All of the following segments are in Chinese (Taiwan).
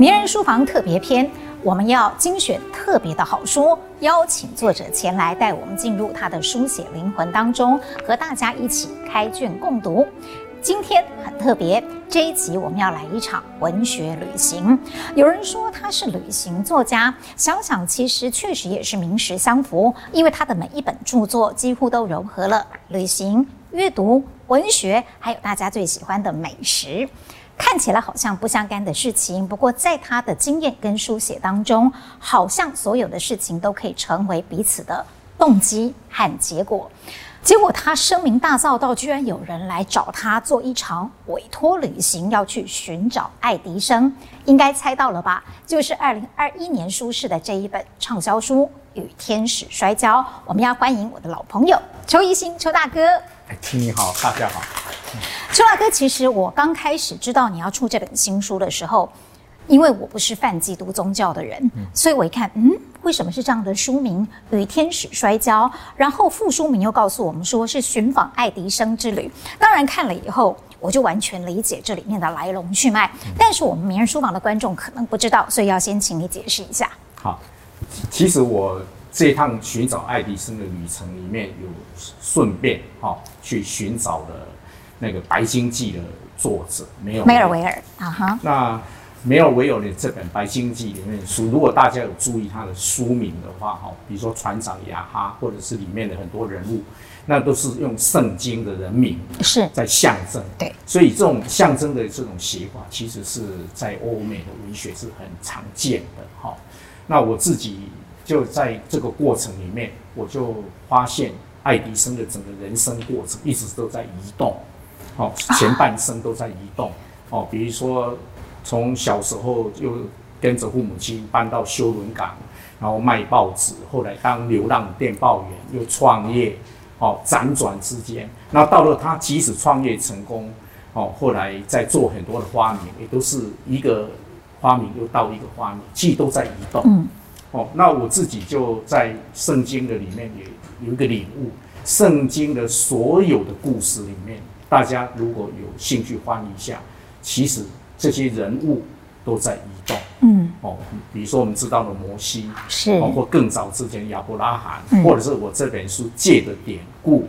名人書房特別篇，我們要精選特別的好書，邀請作者前來，帶我們進入他的書寫靈魂當中，和大家一起開卷共讀。今天很特別，這一集我們要來一場文學旅行。有人說他是旅行作家，想想其實確實也是名實相符，因為他的每一本著作幾乎都融合了旅行、閱讀、文學，還有大家最喜歡的美食。看起來好像不相干的事情，不過在他的經驗跟書寫當中，好像所有的事情都可以成為彼此的動機和結果。結果他聲名大噪到，居然有人來找他做一場委托旅行，要去尋找愛迪生。應該猜到了吧？就是二零二一年出世的這一本暢銷書《與天使摔跤》。我們要歡迎我的老朋友邱一新邱大哥。聽你好，大家好，邱、嗯、大哥。其實我剛開始知道你要出這本新書的時候，因為我不是泛基督宗教的人、嗯，所以我一看，嗯，為什麼是這樣的書名《與天使摔跤》？然後副書名又告訴我們說是尋訪愛迪生之旅。當然看了以後，我就完全理解這裡面的來龍去脈。嗯、但是我們名人書房的觀眾可能不知道，所以要先請你解釋一下。好，其實我。嗯這趟尋找愛迪生的旅程裡面有順便哈去尋找了那個《白鯨記》的作者，沒有？梅爾維爾啊哈。Uh -huh. 那梅爾維爾的這本《白鯨記》裡面的書，如果大家有注意它的書名的話哈，比如說《船長亞哈》，或者是裡面的很多人物，那都是用聖經的人名是在象徵。對，所以這種象徵的這種寫法，其實是在歐美的文學是很常見的哈。那我自己。就在這個過程裡面，我就發現愛迪生的整個人生過程一直都在移動，哦，前半生都在移動，哦，比如說，從小時候就跟着父母親搬到休倫港，然後賣報紙，後來當流浪電報員，又創業，哦，輾轉之間，那到了他即使創業成功，哦，後來在做很多的發明，也都是一個發明又到一個發明，既都在移動。嗯哦，那我自己就在聖經的裡面也有一個領悟，聖經的所有的故事裡面，大家如果有興趣翻一下，其實這些人物都在移動。嗯，哦，比如說我們知道了摩西，是，哦、包括更早之前亞伯拉罕、嗯，或者是我這本書借的典故，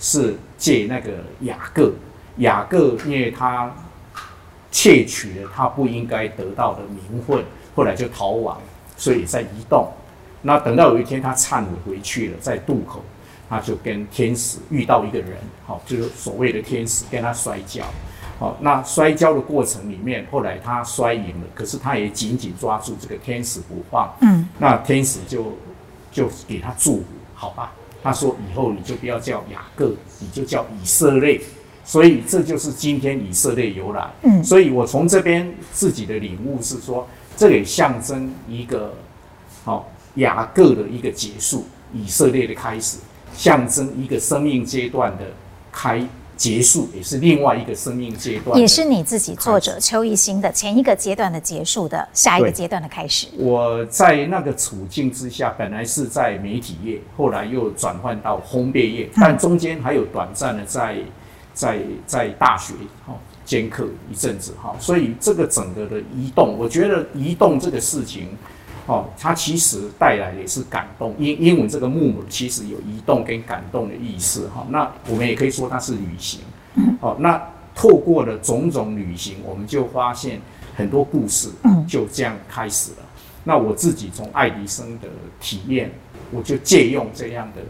是借那個雅各，雅各因為他竊取了他不應該得到的名分，後來就逃亡。所以，在移動。那等到有一天他懺悔回去了，在渡口，他就跟天使遇到一個人，好，就是所謂的天使跟他摔跤。好，那摔跤的過程裡面，後來他摔贏了，可是他也緊緊抓住這個天使不放。嗯，那天使就就給他祝福，好吧？他說：“以後你就不要叫雅各，你就叫以色列。”所以這就是今天以色列由來。嗯，所以我從這邊自己的領悟是說。這也象徵一個好、哦、雅各的一個結束，以色列的開始，象徵一個生命階段的開結束，也是另外一個生命階段。也是你自己作者邱一新的前一個階段的結束的下一個階段的開始。我在那個處境之下，本來是在媒體業，後來又轉換到烘焙業、嗯，但中間還有短暫的在在在大學。哦鐫刻一陣子哈，所以這個整個的移動，我覺得移動這個事情，哦，它其實帶來也是感動。因因為英文這個木其實有移動跟感動的意思哈，那我們也可以說它是旅行。好，那透過了種種旅行，我們就發現很多故事就這樣開始了。那我自己從愛迪生的體驗，我就借用這樣的。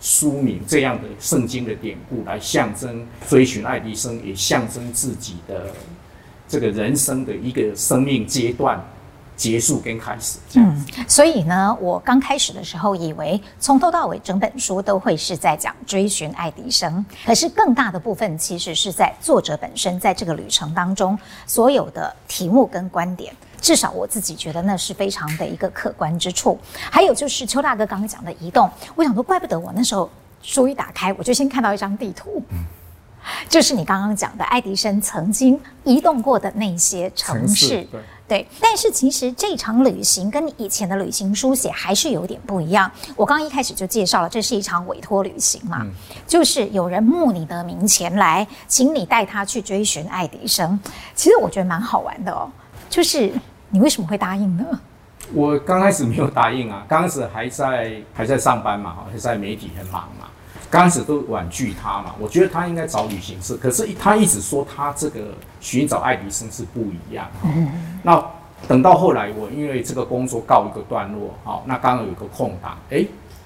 書名這樣的聖經的典故來象徵追尋愛迪生，也象徵自己的這個人生的一個生命階段結束跟開始。嗯，所以呢，我剛開始的時候以為從頭到尾整本書都會是在講追尋愛迪生，可是更大的部分其實是在作者本身，在這個旅程當中所有的題目跟觀點。至少我自己覺得那是非常的一個客觀之處。還有就是邱大哥剛剛講的移動，我想說怪不得我那時候書一打開，我就先看到一張地圖，就是你剛剛講的愛迪生曾經移動過的那些城市，對。對，但是其實這場旅行跟你以前的旅行書寫還是有點不一樣。我剛一開始就介紹了，這是一場委託旅行嘛，就是有人慕你的名前來，請你帶他去追尋愛迪生。其實我覺得蠻好玩的哦，就是。你為什麼會答應呢？我剛開始沒有答應啊，剛開始還在還在上班嘛，還在媒體很忙嘛，剛開始都婉拒他嘛。我覺得他應該找旅行社，可是他一直說他這個尋找愛迪生是不一樣，嗯。那等到後來，我因為這個工作告一個段落，好，那剛好有一個空檔，哎，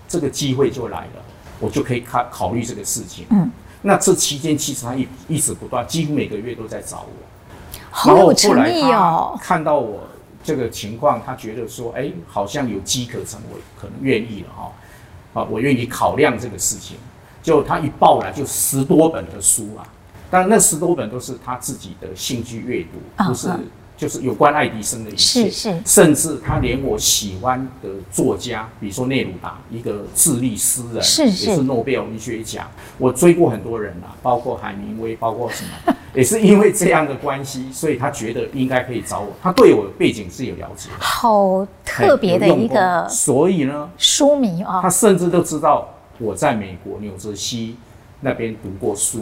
這個機會就來了，我就可以看考慮這個事情。嗯，那這期間其實他一一直不斷，幾乎每個月都在找我。好神秘哦！然後後來看到我。這個情況，他覺得說，哎，好像有機可乘，我可能願意了哈，啊，我願意考量這個事情，就他一抱來就十多本的書啊，但那十多本都是他自己的興趣閱讀，不是。就是有關愛迪生的一切，是是，甚至他連我喜歡的作家，比如說內魯達，一個智利詩人，是是也是諾貝爾文學獎。我追過很多人啦，包括海明威，包括什麼， 也是因為這樣的關係，所以他覺得應該可以找我。他對我的背景是有了解，好特別的一個、哦，所以呢，書迷啊、哦，他甚至都知道我在美國紐澤西那邊讀過書。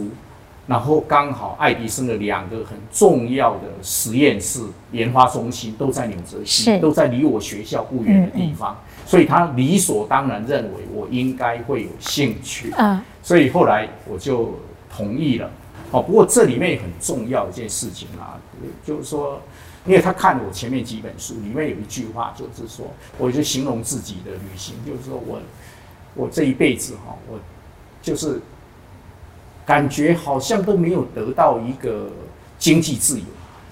然後剛好愛迪生的兩個很重要的實驗室研發中心都在紐澤西，都在離我學校不遠的地方嗯嗯，所以他理所當然認為我應該會有興趣，嗯，所以後來我就同意了。哦，不過這裡面很重要一件事情啊，就是說，因為他看了我前面幾本書，裡面有一句話，就是說，我就形容自己的旅行，就是說我我這一輩子哈，我就是。感覺好像都沒有得到一個經濟自由，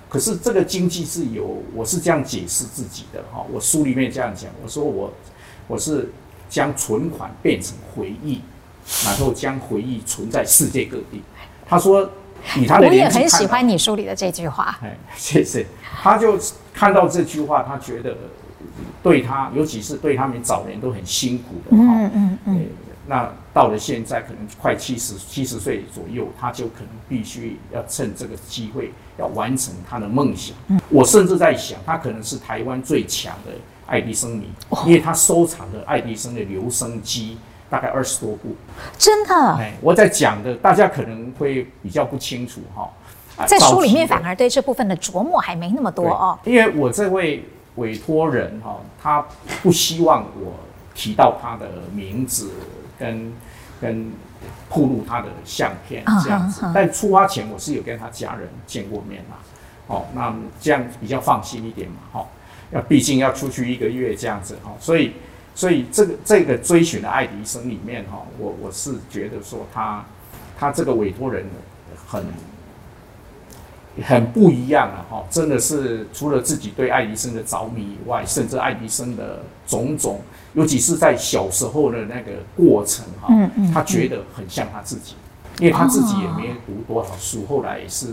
可是這個經濟自由，我是這樣解釋自己的哈。我書裡面這樣講，我說我，我是將存款變成回憶，然後將回憶存在世界各地。他說你他的，我也很喜歡你書裡的這句話。哎、欸，謝謝。他就看到這句話，他覺得對他，尤其是對他們早年都很辛苦的。嗯嗯嗯。欸那到了現在，可能快七十七十歲左右，他就可能必須要趁這個機會，要完成他的夢想、嗯。我甚至在想，他可能是台灣最強的愛迪生迷、哦，因為他收藏的愛迪生的留聲機大概二十多部。真的？我在講的，大家可能會比較不清楚哈、啊。在書裡面反而對這部分的琢磨還沒那麼多哦。因為我這位委托人哈、啊，他不希望我。提到他的名字跟，跟跟透露他的相片這樣子，oh, okay, okay. 但出發前我是有跟他家人見過面嘛，哦，那這樣比較放心一點嘛，哦，要畢竟要出去一個月這樣子哦，所以所以這個這個追尋的愛迪生裡面哈、哦，我我是覺得說他他這個委托人很很不一樣了哈、哦，真的是除了自己對愛迪生的着迷以外，甚至愛迪生的種種。尤其是在小時候的那個過程哈、哦嗯嗯嗯，他覺得很像他自己，因為他自己也沒讀多少書，後來也是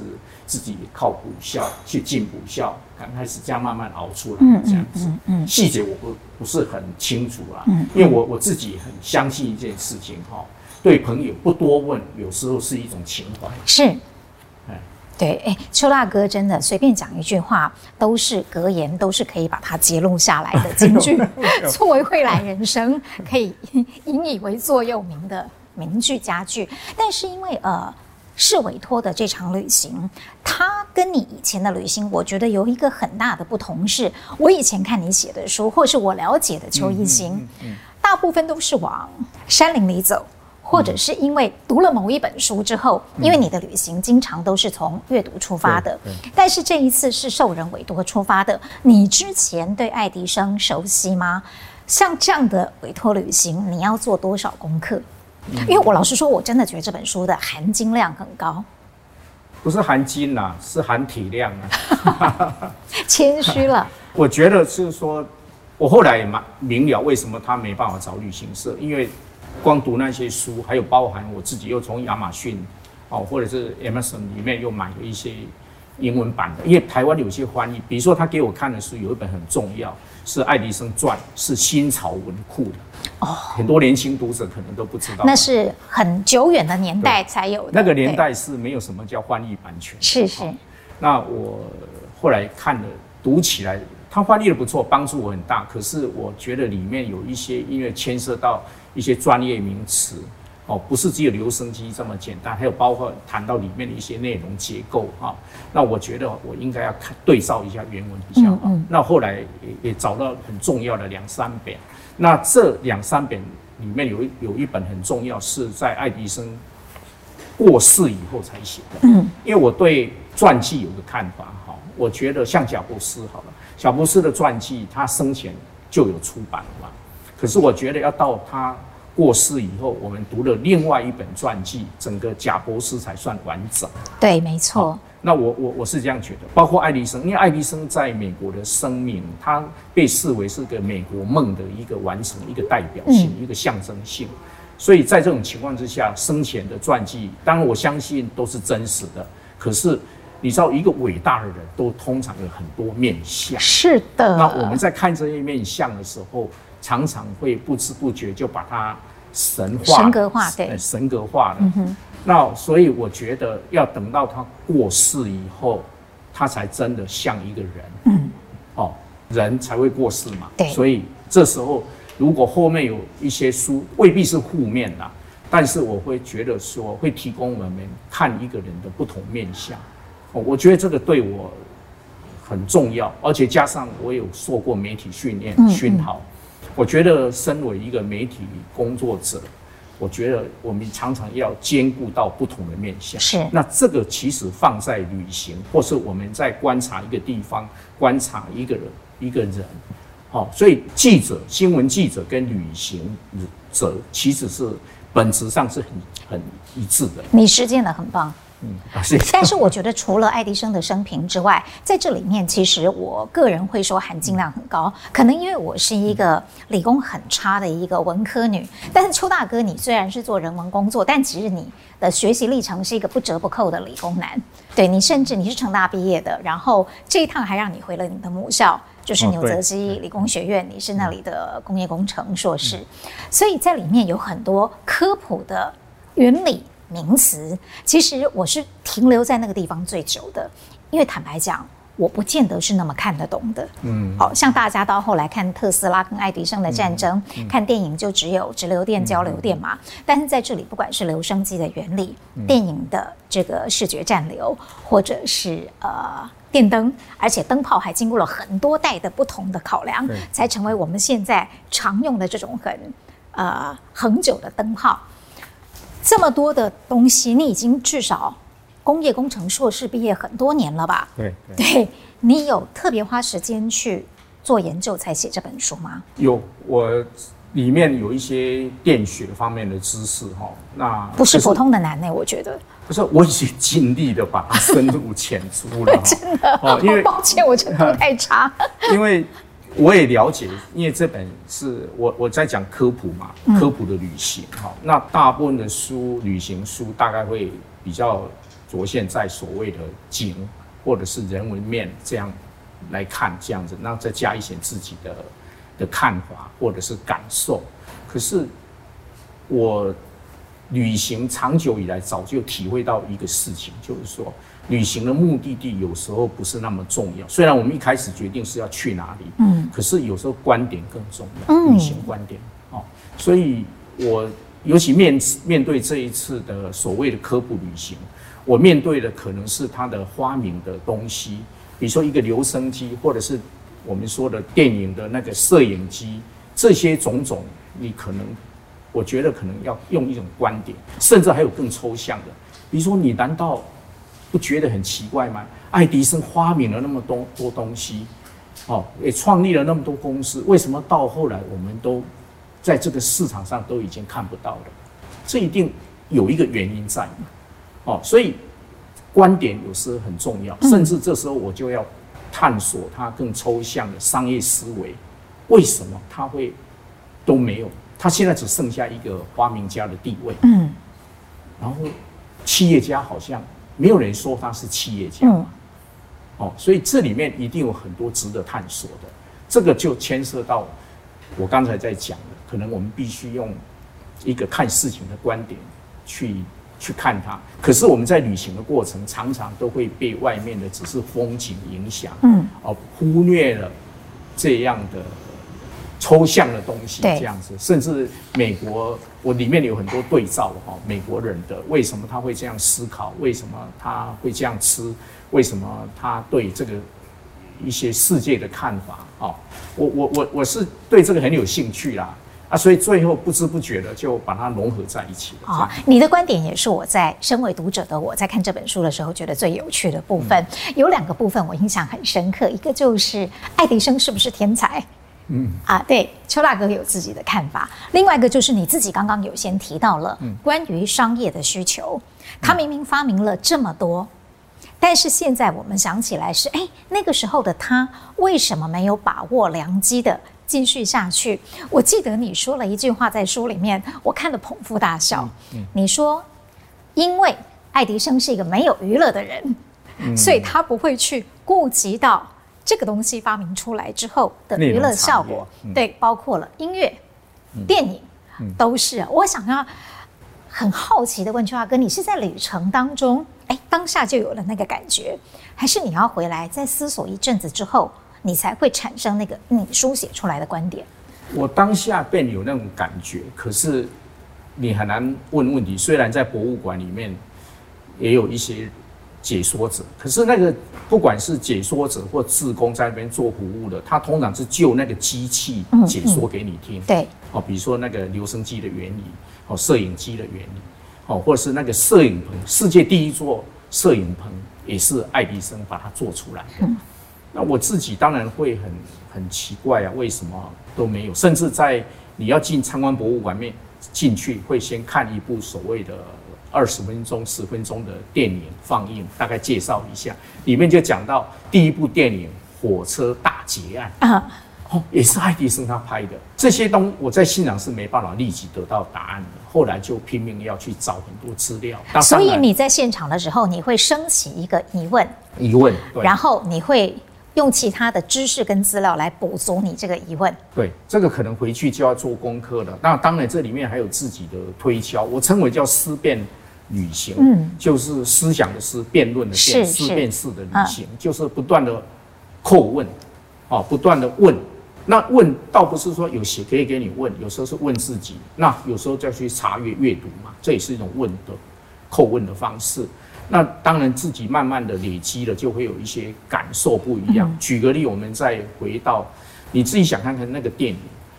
自己靠補校去進補校，剛開始這樣慢慢熬出來，這樣子，細、嗯、節、嗯嗯嗯、我不不是很清楚啦、啊，因為我我自己很相信一件事情哈、哦，對朋友不多問，有時候是一種情懷。是。對，哎，邱大哥真的隨便講一句話都是格言，都是可以把它揭露下來的金句，哎哎、作為未來人生、哎、可以引以為座右銘的名句佳句。但是因為呃，是委託的這場旅行，它跟你以前的旅行，我覺得有一個很大的不同是，我以前看你寫的書，或是我了解的邱一新、嗯嗯嗯嗯，大部分都是往山林裡走。或者是因為讀了某一本書之後，嗯、因為你的旅行經常都是從閱讀出發的，但是這一次是受人委託出發的。你之前對愛迪生熟悉嗎？像這樣的委託旅行，你要做多少功課、嗯？因為我老實說，我真的覺得這本書的含金量很高，不是含金啊，是含體量啊，謙 虛 虛了。 我覺得是說，我後來也蠻明了為什麼他沒辦法找旅行社，因為。光讀那些書，還有包含我自己又從亞馬遜，哦，或者是 Amazon 裡面又買了一些英文版的，因為台灣有些翻譯，比如說他給我看的書有一本很重要，是《愛迪生傳》，是新潮文庫的。哦，很多年輕讀者可能都不知道。那是很久遠的年代才有的，那個年代是沒有什麼叫翻譯版權。是是、哦。那我後來看了，讀起來他翻譯的不錯，幫助我很大。可是我覺得裡面有一些因為牽涉到。一些專業名詞哦，不是只有留聲機這麼簡單，還有包括談到裡面的一些內容結構哈、哦，那我覺得我應該要看對照一下原文比較好、嗯嗯。那後來也，也找到很重要的兩三本，那這兩三本裡面有一有一本很重要，是在愛迪生過世以後才寫的。嗯，因為我對傳記有個看法哈、哦，我覺得像賈伯斯好了，賈伯斯的傳記他生前就有出版了嘛。可是我覺得要到他。過世以後，我們讀了另外一本傳記，整個賈伯斯才算完整。對，沒錯。啊、那我我我是這樣覺得，包括愛迪生，因為愛迪生在美國的生命，他被視為是個美國夢的一個完成、一個代表性、嗯、一個象徵性。所以在這種情況之下，生前的傳記，當然我相信都是真實的。可是你知道，一個偉大的人都通常有很多面相。是的。那我們在看這些面相的時候，常常會不知不覺就把它。神話神格化，對神格化的，嗯。那所以我覺得要等到他過世以後，他才真的像一個人。嗯，哦，人才會過世嘛。對。所以這時候，如果後面有一些書，未必是負面的，但是我會覺得說，會提供我們看一個人的不同面相。哦。我覺得這個對我很重要，而且加上我有受過媒體訓練熏陶。嗯嗯。訓號我覺得身為一個媒體工作者，我覺得我們常常要兼顧到不同的面向。是，那這個其實放在旅行，或是我們在觀察一個地方、觀察一個人一個人，好、哦，所以記者、新聞記者跟旅行者其實是本質上是很很一致的。你實踐的很棒。嗯，但是我覺得除了愛迪生的生平之外，在這裡面其實我個人會說含金量很高。可能因為我是一個理工很差的一個文科女。但是邱大哥，你雖然是做人文工作，但其實你的學習歷程是一個不折不扣的理工男。對你，甚至你是成大畢業的，然後這一趟還讓你回了你的母校，就是紐澤西理工學院，你是那裡的工業工程碩士。所以在裡面有很多科普的原理。名詞其實我是停留在那個地方最久的，因為坦白講，我不見得是那麼看得懂的。嗯，好、哦、像大家到後來看特斯拉跟愛迪生的戰爭、嗯嗯，看電影就只有直流電、嗯、交流電嘛、嗯嗯。但是在這裡，不管是留聲機的原理、嗯、電影的這個視覺暫留，或者是呃電燈，而且燈泡還經過了很多代的不同的考量，才成為我們現在常用的這種很呃恆久的燈泡。這麼多的東西，你已經至少工業工程碩士畢業很多年了吧？對，對，對，你有特別花時間去做研究才寫這本書嗎？有，我裡面有一些電學方面的知識哈、哦。那不是普通的難的、就是，我覺得不是，我已經盡力的把它深入淺出了。 真的，哦，因為抱歉，我真的太差，因為。我也了解，因為這本是我我在講科普嘛，科普的旅行。好，那大部分的書，旅行書大概會比較著眼在所謂的景，或者是人文面這樣來看，這樣子，那再加一些自己的的看法或者是感受。可是我。旅行長久以來早就體會到一個事情，就是說，旅行的目的地有時候不是那麼重要。雖然我們一開始決定是要去哪裡，嗯，可是有時候觀點更重要。嗯，旅行觀點，哦，所以我尤其面面對這一次的所謂的科普旅行，我面對的可能是它的發明的東西，比如說一個留聲機，或者是我們說的電影的那個攝影機，這些種種，你可能。我覺得可能要用一種觀點，甚至還有更抽象的。比如說，你難道不覺得很奇怪嗎？愛迪生發明了那麼多多東西，哦，也創立了那麼多公司，為什麼到後來我們都在這個市場上都已經看不到了？這一定有一個原因在嘛。哦，所以觀點有時很重要，甚至這時候我就要探索他更抽象的商業思維。為什麼他會都沒有？他現在只剩下一個發明家的地位，嗯，然後企業家好像沒有人說他是企業家、嗯，哦，所以這裡面一定有很多值得探索的，這個就牽涉到我剛才在講的，可能我們必須用一個看事情的觀點去去看它。可是我們在旅行的過程，常常都會被外面的只是風景影響，嗯，而、啊、忽略了這樣的。抽象的東西這樣子，甚至美國，我裡面有很多對照哈，美國人的為什麼他會這樣思考，為什麼他會這樣吃，為什麼他對這個一些世界的看法啊，我我我我是對這個很有興趣啦啊，所以最後不知不覺的就把它融合在一起了啊、哦，你的觀點也是我在身為讀者的我在看這本書的時候覺得最有趣的部分，嗯、有兩個部分我印象很深刻，一個就是愛迪生是不是天才？嗯啊，對，邱大哥有自己的看法。另外一個就是你自己剛剛有先提到了關於商業的需求、嗯，他明明發明了這麼多、嗯，但是現在我們想起來是，哎、欸，那個時候的他為什麼沒有把握良機的繼續下去？我記得你說了一句話在書裡面，我看得捧腹大笑、嗯嗯。你說，因為愛迪生是一個沒有娛樂的人、嗯，所以他不會去顧及到。這個東西發明出來之後的娛樂效果，啊嗯、對，包括了音樂、電影，嗯嗯、都是、啊。我想要很好奇的問邱大哥，你是在旅程當中，哎，當下就有了那個感覺，還是你要回來再思索一陣子之後，你才會產生那個你書寫出來的觀點？我當下便有那種感覺，可是你很難問問題。雖然在博物館裡面也有一些。解說者，可是那個不管是解說者或志工在那邊做服務的，他通常是就那個機器解說給你聽。嗯嗯、對，哦，比如說那個留聲機的原理，哦，攝影機的原理，哦，或者是那個攝影棚，世界第一座攝影棚也是愛迪生把它做出來的。的、嗯。那我自己當然會很很奇怪啊，為什麼都沒有？甚至在你要進參觀博物館面進去，會先看一部所謂的。二十分鐘、十分鐘的電影放映，大概介紹一下，裡面就講到第一部電影《火車大劫案》啊，哦，也是愛迪生他拍的。這些東西我在現場是沒辦法立即得到答案的，後來就拼命要去找很多資料。所以你在現場的時候，你會升起一個疑問。疑問。對，然後你會，用其他的知識跟資料來補足你這個疑問。對，這個可能回去就要做功課了。那當然，這裡面還有自己的推敲，我稱為叫思辨旅行，嗯，就是思想的思，辯論的辯，思辨式的旅行，啊，就是不斷的叩問，啊，不斷的問。那問倒不是說有些可以給你問，有時候是問自己，那有時候就要去查閱閱讀嘛，這也是一種問的叩問的方式。那當然，自己慢慢的累積了，就會有一些感受不一樣。嗯。舉個例，我們再回到你自己想看看那個電影，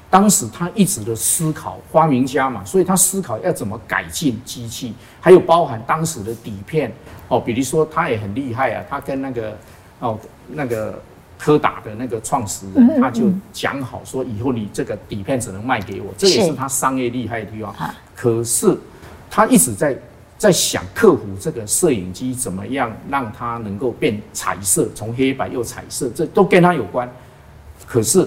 當時他一直的思考，發明家嘛，所以他思考要怎麼改進機器，還有包含當時的底片哦，比如說他也很厲害啊，他跟那個哦那個柯達的那個創始人，他就講好說，以後你這個底片只能賣給我，這也是他商業厲害的地方。可是他一直在。在想克服這個攝影機怎麼樣讓它能夠變彩色，從黑白又彩色，這都跟它有關。可是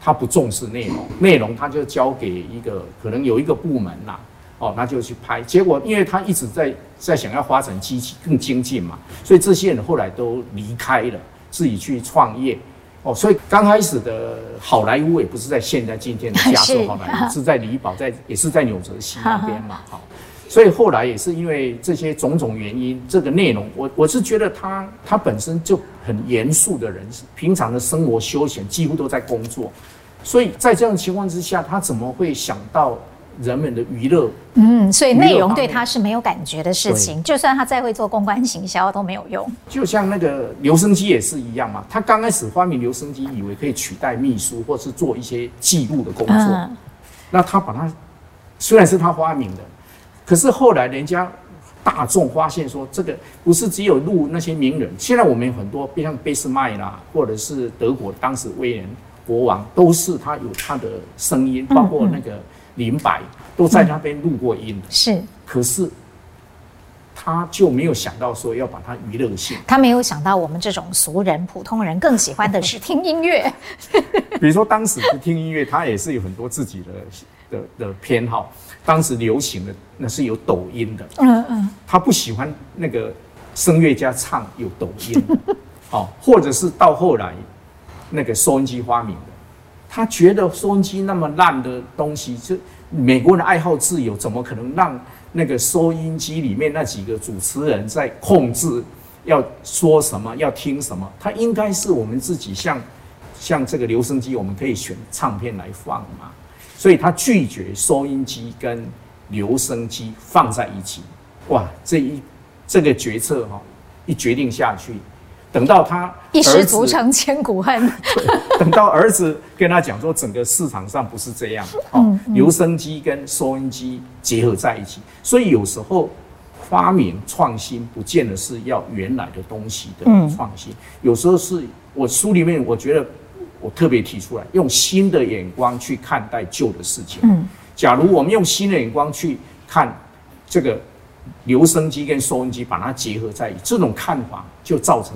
他不重視內容，內容他就交給一個可能有一個部門啦，哦，那就去拍。結果因為他一直在在想要發展機器更精進嘛，所以這些人後來都離開了，自己去創業。哦，所以剛開始的好萊塢也不是在現在今天的加州、啊、好萊塢，是在李堡，在也是在紐澤西那邊嘛，好，好。好所以後來也是因為這些種種原因，這個內容，我我是覺得他他本身就很嚴肅的人，平常的生活休閒幾乎都在工作，所以在這樣的情況之下，他怎麼會想到人們的娛樂？嗯，所以內容對他是沒有感覺的事情，就算他再會做公關行銷都沒有用。就像那個留聲機也是一樣嘛，他剛開始發明留聲機，以為可以取代秘書或是做一些記錄的工作，嗯、那他把它雖然是他發明的。可是後來，人家大眾發現說，這個不是只有錄那些名人。現在我們有很多，比方貝斯麥啦，或者是德國當時威廉國王，都是他有他的聲音，包括那個林白，嗯嗯，都在那邊錄過音。是、嗯嗯，可是。他就沒有想到說要把它娛樂性他沒有想到我們這種俗人普通人更喜歡的是聽音樂 。比如說當時的聽音樂，他也是有很多自己的的的偏好。當時流行的那是有抖音的，嗯嗯，他不喜歡那個聲樂家唱有抖音的， 哦，或者是到後來那個收音機發明的，他覺得收音機那麼爛的東西，是美國人的愛好自由，怎麼可能讓？那個收音機裡面那幾個主持人在控制要說什麼，要聽什麼，他應該是我們自己像像這個留聲機，我們可以選唱片來放嘛。所以他拒絕收音機跟留聲機放在一起。哇，這一這個決策哈、哦，一決定下去。等到他，一失足成千古恨 。等到兒子跟他講說，整個市場上不是這樣的。哦，嗯嗯、留聲機跟收音機結合在一起，所以有時候發明創新不見得是要原來的東西的創新、嗯。有時候是我書裡面我覺得我特別提出來，用新的眼光去看待舊的事情、嗯。假如我們用新的眼光去看這個留聲機跟收音機把它結合在一起，這種看法就造成。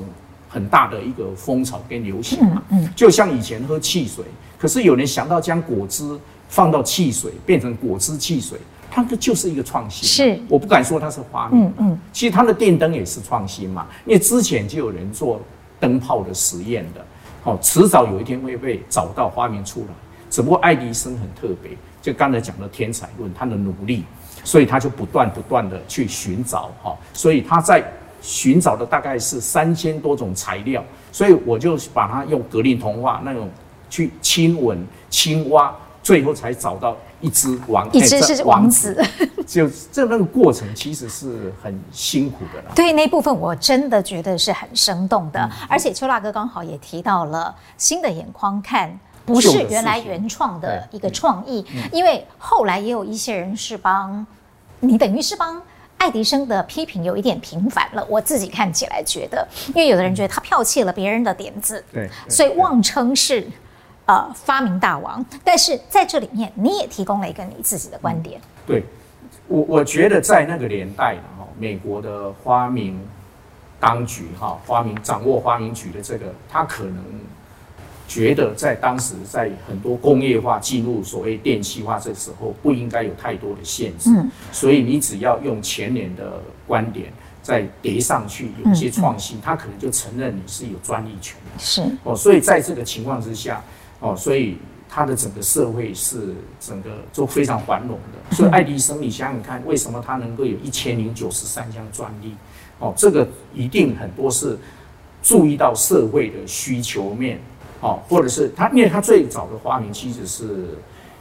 很大的一個風潮跟流行嘛，就像以前喝汽水，可是有人想到將果汁放到汽水，變成果汁汽水，它這就是一個創新。是，我不敢說它是發明，嗯嗯，其實它的電燈也是創新嘛，因為之前就有人做燈泡的實驗的，好，遲早有一天會被找到發明出來。只不過愛迪生很特別，就剛才講的天才論，他的努力，所以他就不斷不斷的去尋找哈，所以他在。尋找的大概是三千多種材料，所以我就把它用格林童話那種去親吻青蛙，最後才找到一隻王。一隻是王子，欸、這王子 就這那個過程其實是很辛苦的啦。對那部分，我真的覺得是很生動的，嗯、而且邱大哥剛好也提到了新的眼光看，不是原來原創的一個創意，嗯，因為後來也有一些人是幫，你等於是幫。愛迪生的批評有一點頻繁了，我自己看起來覺得，因為有的人覺得他剽竊了別人的點子，對、嗯，所以妄稱是、嗯，呃，發明大王。但是在這裡面，你也提供了一個你自己的觀點。對，我我覺得在那個年代哈，美國的發明，當局哈，發明掌握發明局的這個，他可能。覺得在當時，在很多工業化進入所謂電氣化這時候，不應該有太多的限制、嗯。所以你只要用前年的觀點再疊上去，有一些創新、嗯嗯，他可能就承認你是有專利權的、嗯。是、嗯、哦，所以在這個情況之下，哦，所以他的整個社會是整個都非常繁榮的。所以愛迪生，你想想看，為什麼他能夠有一千零九十三項專利？哦，這個一定很多是注意到社會的需求面。哦，或者是他，因為他最早的發明其實是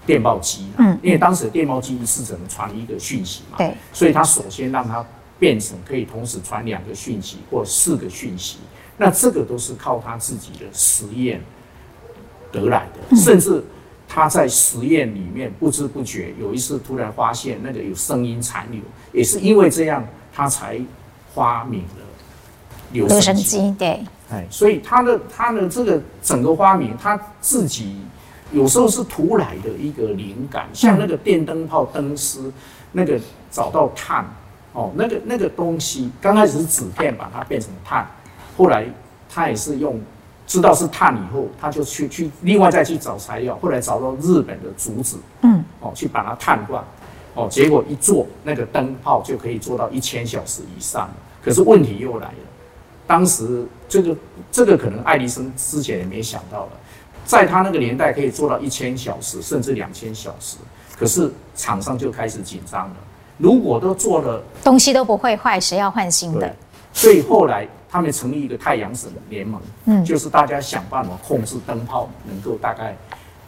電報機，嗯，因為當時的電報機是只能傳一個訊息嘛，對，所以他首先讓它變成可以同時傳兩個訊息或四個訊息，那這個都是靠他自己的實驗得來的，嗯，甚至他在實驗裡面不知不覺有一次突然發現那個有聲音殘留，也是因為這樣他才發明了留聲機，留聲機，對。哎，所以他的他的這個整個發明，他自己有時候是突然的一個靈感，像那個電燈泡燈絲那個找到碳哦，那個那個東西剛開始是紙片把它變成碳，後來他也是用知道是碳以後，他就去去另外再去找材料，後來找到日本的竹子，嗯、哦，哦去把它碳化，哦結果一做那個燈泡就可以做到一千小時以上，可是問題又來了，當時。這個這個可能愛迪生之前也沒想到了，在他那個年代可以做到一千小時甚至兩千小時，可是廠商就開始緊張了。如果都做了，東西都不會壞，誰要換新的？對。所以後來他們成立一個太陽神聯盟，嗯，就是大家想辦法控制燈泡能夠大概，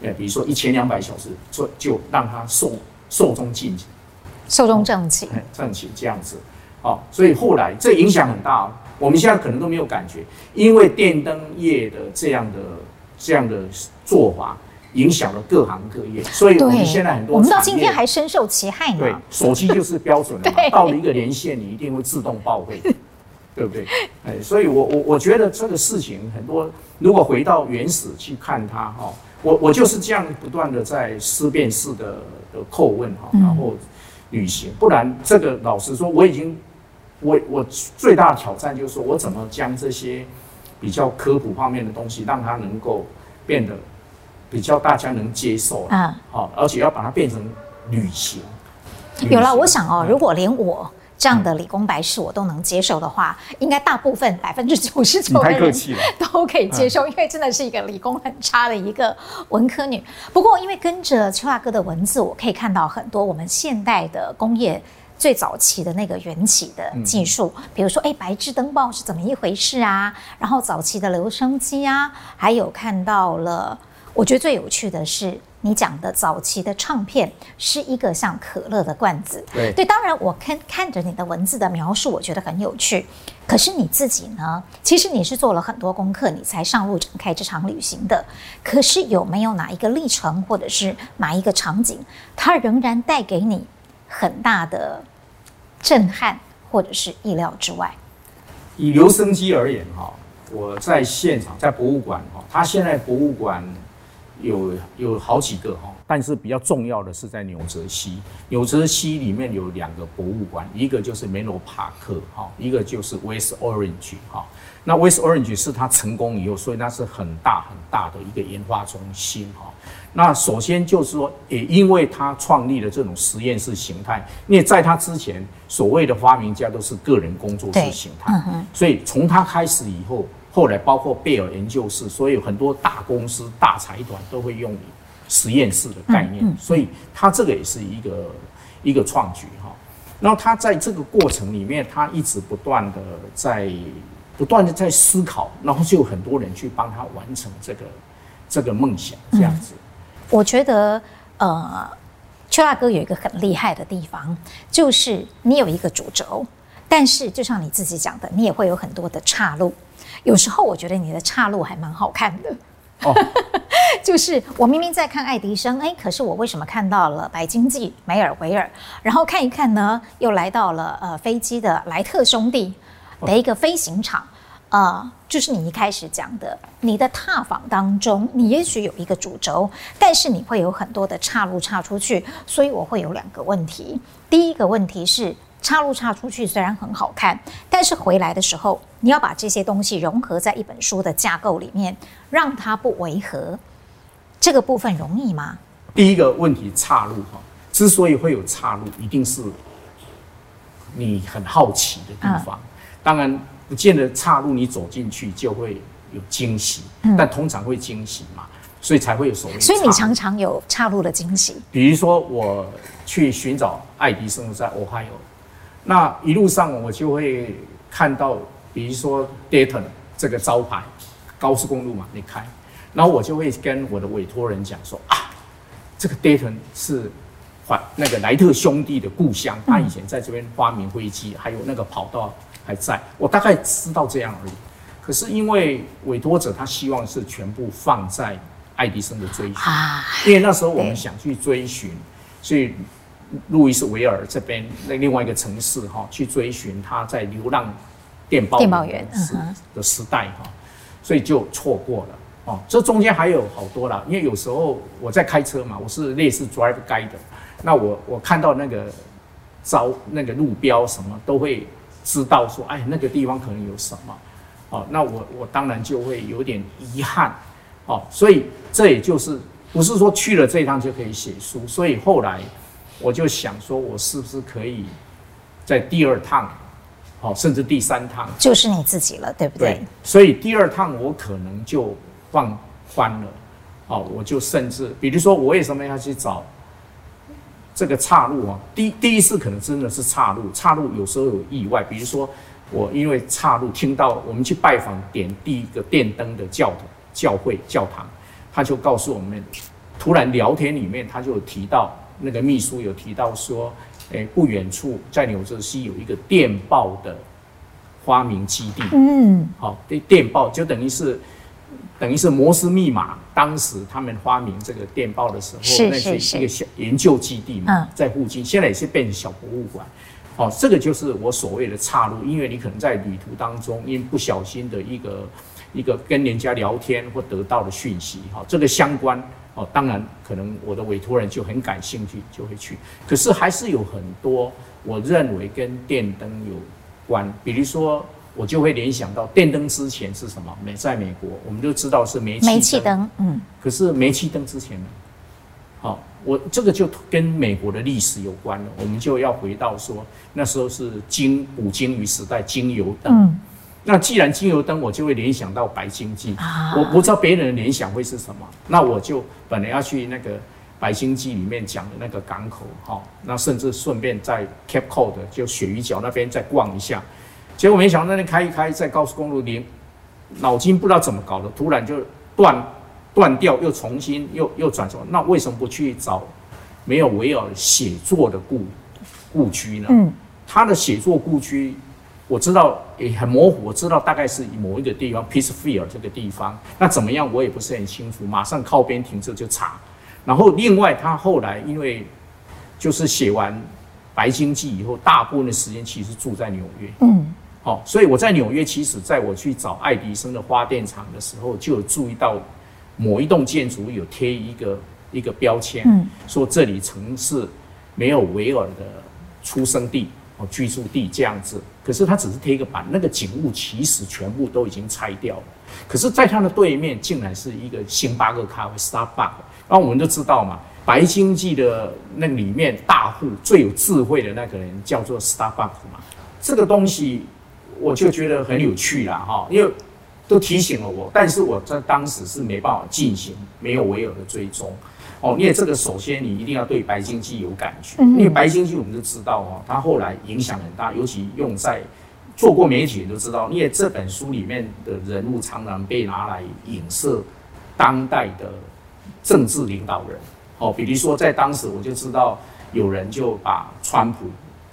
呃，比如說一千兩百小時就，就就讓它壽壽終正寢，壽終正寢，正寢這樣子。哦，所以後來這影響很大哦。我們現在可能都沒有感覺，因為電燈業的這樣的這樣的做法影響了各行各業，所以我們現在很多人，我們到今天還深受其害呢。對，手機就是標準了嘛，到了一個年限，你一定會自動報廢，對，對不對？哎，所以我我我覺得這個事情很多，如果回到原始去看它哈，我我就是這樣不斷的在思辨式的的叩問哈，然後旅行，不然這個老實說我已經。我我最大的挑戰就是說，我怎麼將這些比較科普方面的東西，讓它能夠變得比較大家能接受。嗯，好，而且要把它變成旅行。有了，我想哦、嗯，如果連我這樣的理工白痴我都能接受的話，嗯、應該大部分百分之九十九人都可以接受，你太客氣了，因為真的是一個理工很差的一個文科女。嗯、不過，因為跟着邱大哥的文字，我可以看到很多我們現代的工業。最早期的那個緣起的技術，嗯、比如說，哎，白熾燈泡是怎麼一回事啊？然後早期的留聲機啊，還有看到了，我覺得最有趣的是你講的早期的唱片是一個像可樂的罐子。對，對當然，我看看着你的文字的描述，我覺得很有趣。可是你自己呢？其實你是做了很多功課，你才上路展開這場旅行的。可是有沒有哪一個歷程，或者是哪一個場景，它仍然帶給你？很大的震撼，或者是意料之外。以留聲機而言，哈，我在現場，在博物館，哈，它現在博物館有有好幾個，哈，但是比較重要的是在紐澤西。紐澤西裡面有兩個博物館，一個就是梅羅帕克，哈，一個就是 West Orange 哈。那 West Orange 是他成功以後，所以那是很大很大的一個研發中心，哈。那首先就是說，也因為他創立了這種實驗室形態，因為在他之前，所謂的發明家都是個人工作室形態、嗯，所以從他開始以後，後來包括貝爾研究室，所以很多大公司、大財團都會用你實驗室的概念、嗯嗯，所以他這個也是一個一個創舉哈。然後他在這個過程裡面，他一直不斷的在不斷的在思考，然後就有很多人去幫他完成這個這個夢想，這樣子。嗯我覺得，呃，邱大哥有一個很厲害的地方，就是你有一個主軸，但是就像你自己講的，你也會有很多的岔路。有時候我覺得你的岔路還蠻好看的。哦、oh. 就是我明明在看愛迪生，哎，可是我為什麼看到了白鯨記梅爾維爾？然後看一看呢，又來到了呃飛機的萊特兄弟的一個飛行場。Oh. 啊、uh,，就是你一開始講的，你的踏訪當中，你也許有一個主軸，但是你會有很多的岔路岔出去，所以我會有兩個問題。第一個問題是，岔路岔出去雖然很好看，但是回來的時候，你要把這些東西融合在一本書的架構裡面，讓它不違和，這個部分容易嗎？第一個問題，岔路哈，之所以會有岔路，一定是你很好奇的地方，uh, 當然。不見得岔路，你走進去就會有驚喜、嗯，但通常會驚喜嘛，所以才會有所謂。所以你常常有岔路的驚喜。比如說，我去尋找愛迪生在 Ohio 那一路上，我就會看到，比如說 Dayton 這個招牌，高速公路嘛，你開，然後我就會跟我的委託人講說啊，這個 Dayton 是那個萊特兄弟的故鄉，他以前在這邊發明飛機、嗯，還有那個跑道，還在，我大概知道這樣而已。可是因為委託者他希望是全部放在愛迪生的追尋、啊，因為那時候我們想去追尋，所以路易斯維爾這邊那另外一個城市哈，去追尋他在流浪電報員的時代哈、嗯，所以就錯過了哦。這中間還有好多了，因為有時候我在開車嘛，我是類似 drive guide 的，那我我看到那個招那個路標什麼都會。知道說，哎，那個地方可能有什麼，好、哦，那我我當然就會有點遺憾，好、哦，所以這也就是不是說去了這一趟就可以寫書，所以後來我就想說，我是不是可以在第二趟，好、哦，甚至第三趟，就是你自己了，對不對？對，所以第二趟我可能就放寬了，好、哦，我就甚至比如說，我為什麼要去找。這個岔路啊，第第一次可能真的是岔路，岔路有時候有意外，比如說我因為岔路聽到我們去拜訪點第一個電燈的教會教會教堂，他就告訴我們，突然聊天裡面他就有提到那個秘書有提到說，哎，不遠處在紐澤西有一個電報的發明基地，嗯，好，對，電報就等於是。等於是摩斯密碼，當時他們發明這個電報的時候，是是是那是一個小研究基地嘛，是是是在附近，嗯、現在也是變成小博物館。哦，這個就是我所謂的岔路，因為你可能在旅途當中，因不小心的一個一個跟人家聊天或得到的訊息，哈、哦，這個相關，哦，當然可能我的委托人就很感興趣，就會去。可是還是有很多我認為跟電燈有關，比如說。我就會聯想到電燈之前是什麼？美在美國，我們就知道是煤氣燈、嗯。可是煤氣燈之前呢？好、哦，我這個就跟美國的歷史有關了。我們就要回到說，那時候是鯨、捕鯨魚時代，鯨油燈、嗯。那既然鯨油燈，我就會聯想到白鯨記、啊。我不知道別人的聯想會是什麼。那我就本來要去那個白鯨記裡面講的那個港口，好、哦，那甚至順便在 Cape Cod 就鱈魚角那邊再逛一下。結果沒想到那天開一開在高速公路裡，腦筋不知道怎麼搞的，突然就斷斷掉，又重新又又轉手，那為什麼不去找梅爾維爾寫作的故故居呢？嗯。他的寫作故居我知道也很模糊，我知道大概是某一個地方 Peacefield 這個地方。那怎麼樣我也不是很清楚。馬上靠邊停車就查。然後另外他後來因為就是寫完《白鯨記》以後，大部分的時間其實住在紐約。嗯。哦，所以我在紐約，其實在我去找愛迪生的發電廠的時候，就有注意到，某一棟建築有貼一個一個標籤，嗯，說這裡曾是梅爾維爾的出生地哦，居住地這樣子。可是它只是貼一個板，那個景物其實全部都已經拆掉了。可是，在它的對面，竟然是一個星巴克咖啡 Starbucks。那我們都知道嘛，《白鯨記》的那裡面大戶最有智慧的那個人叫做 Starbuck 嘛，這個東西。我就覺得很有趣啦，哈，因為都提醒了我，但是我在當時是沒辦法進行沒有維爾的追蹤，哦，因為這個首先你一定要對白鯨記有感覺，因為白鯨記我們都知道哦，它後來影響很大，尤其用在做過媒體人都知道，因為這本書裡面的人物常常被拿來影射當代的政治領導人，哦，比如說在當時我就知道有人就把川普，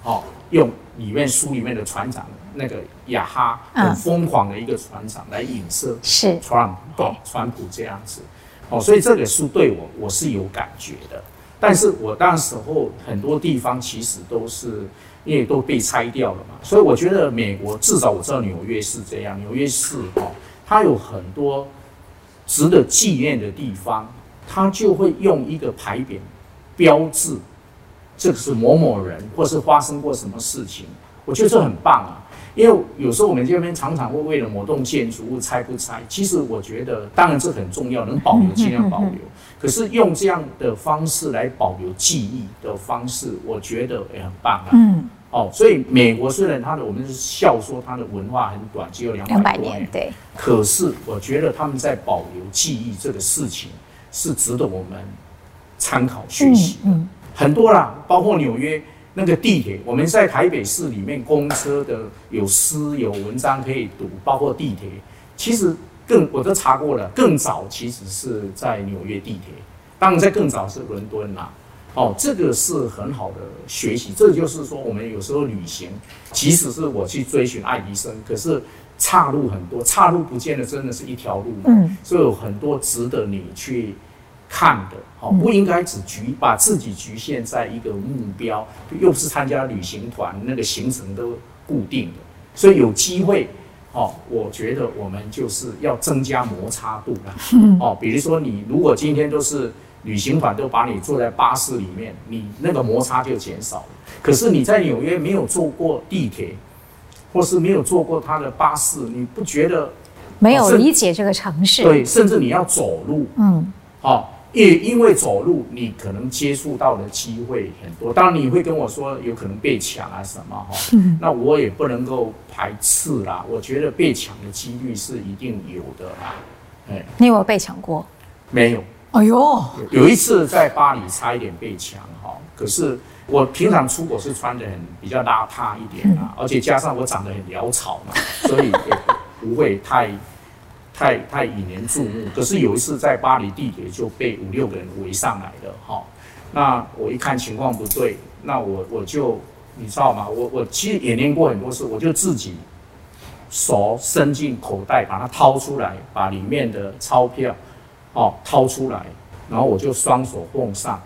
哦，用裡面書裡面的船長。那個雅哈很瘋狂的一個船長來影射是川普、uh,，哦、川普這樣子，哦，所以這個書對我我是有感覺的。但是我當時候很多地方其實都是因為都被拆掉了嘛，所以我覺得美國至少我知道紐約是這樣，紐約市哈、哦，它有很多值得紀念的地方，它就會用一個牌匾標誌，這個是某某人或是發生過什麼事情，我覺得這很棒啊。因為有時候我們這邊常常會為了某棟建築物拆不拆？其實我覺得，當然這很重要，能保留盡量保留，嗯哼哼哼。可是用這樣的方式來保留記憶的方式，我覺得也很棒啊。嗯，哦，所以美國雖然它的我們是笑說它的文化很短，只有兩兩百年，對。可是我覺得他們在保留記憶這個事情是值得我們參考學習，嗯。嗯，很多啦，包括紐約。那個地鐵，我們在台北市裡面，公車的有詩有文章可以讀，包括地鐵。其實更我都查過了，更早其實是在紐約地鐵，當然在更早是倫敦啦。哦，這個是很好的學習，這個就是說我們有時候旅行，即使是我去追尋愛迪生，可是岔路很多，岔路不見得真的是一條路嘛。嗯，所以有很多值得你去。看的。好，不應該只局把自己局限在一個目標，又不是參加旅行團，那個行程都固定的，所以有機會。哦，我覺得我們就是要增加摩擦度。嗯，哦，比如說你如果今天都是旅行團都把你坐在巴士裡面，你那個摩擦就減少了。可是你在紐約沒有坐過地鐵，或是沒有坐過他的巴士，你不覺得沒有理解這個城市？對，甚至你要走路，嗯，好、哦。也因為走路，你可能接觸到的機會很多。當然你會跟我說有可能被搶啊什麼哈，嗯、那我也不能夠排斥啦。我覺得被搶的幾率是一定有的啦。欸、你有被搶過？沒有。哎呦，有一次在巴黎差一點被搶哈，可是我平常出國是穿的很比較邋遢一點啦，嗯、而且加上我長得很潦草嘛，所以也不會太。 太太引人注目，可是有一次在巴黎地鐵就被五六個人圍上來了。哈、哦，那我一看情況不對，那我我就你知道嗎？我我其實演練過很多次，我就自己手伸進口袋，把它掏出來，把裡面的鈔票哦掏出來，然後我就雙手奉上。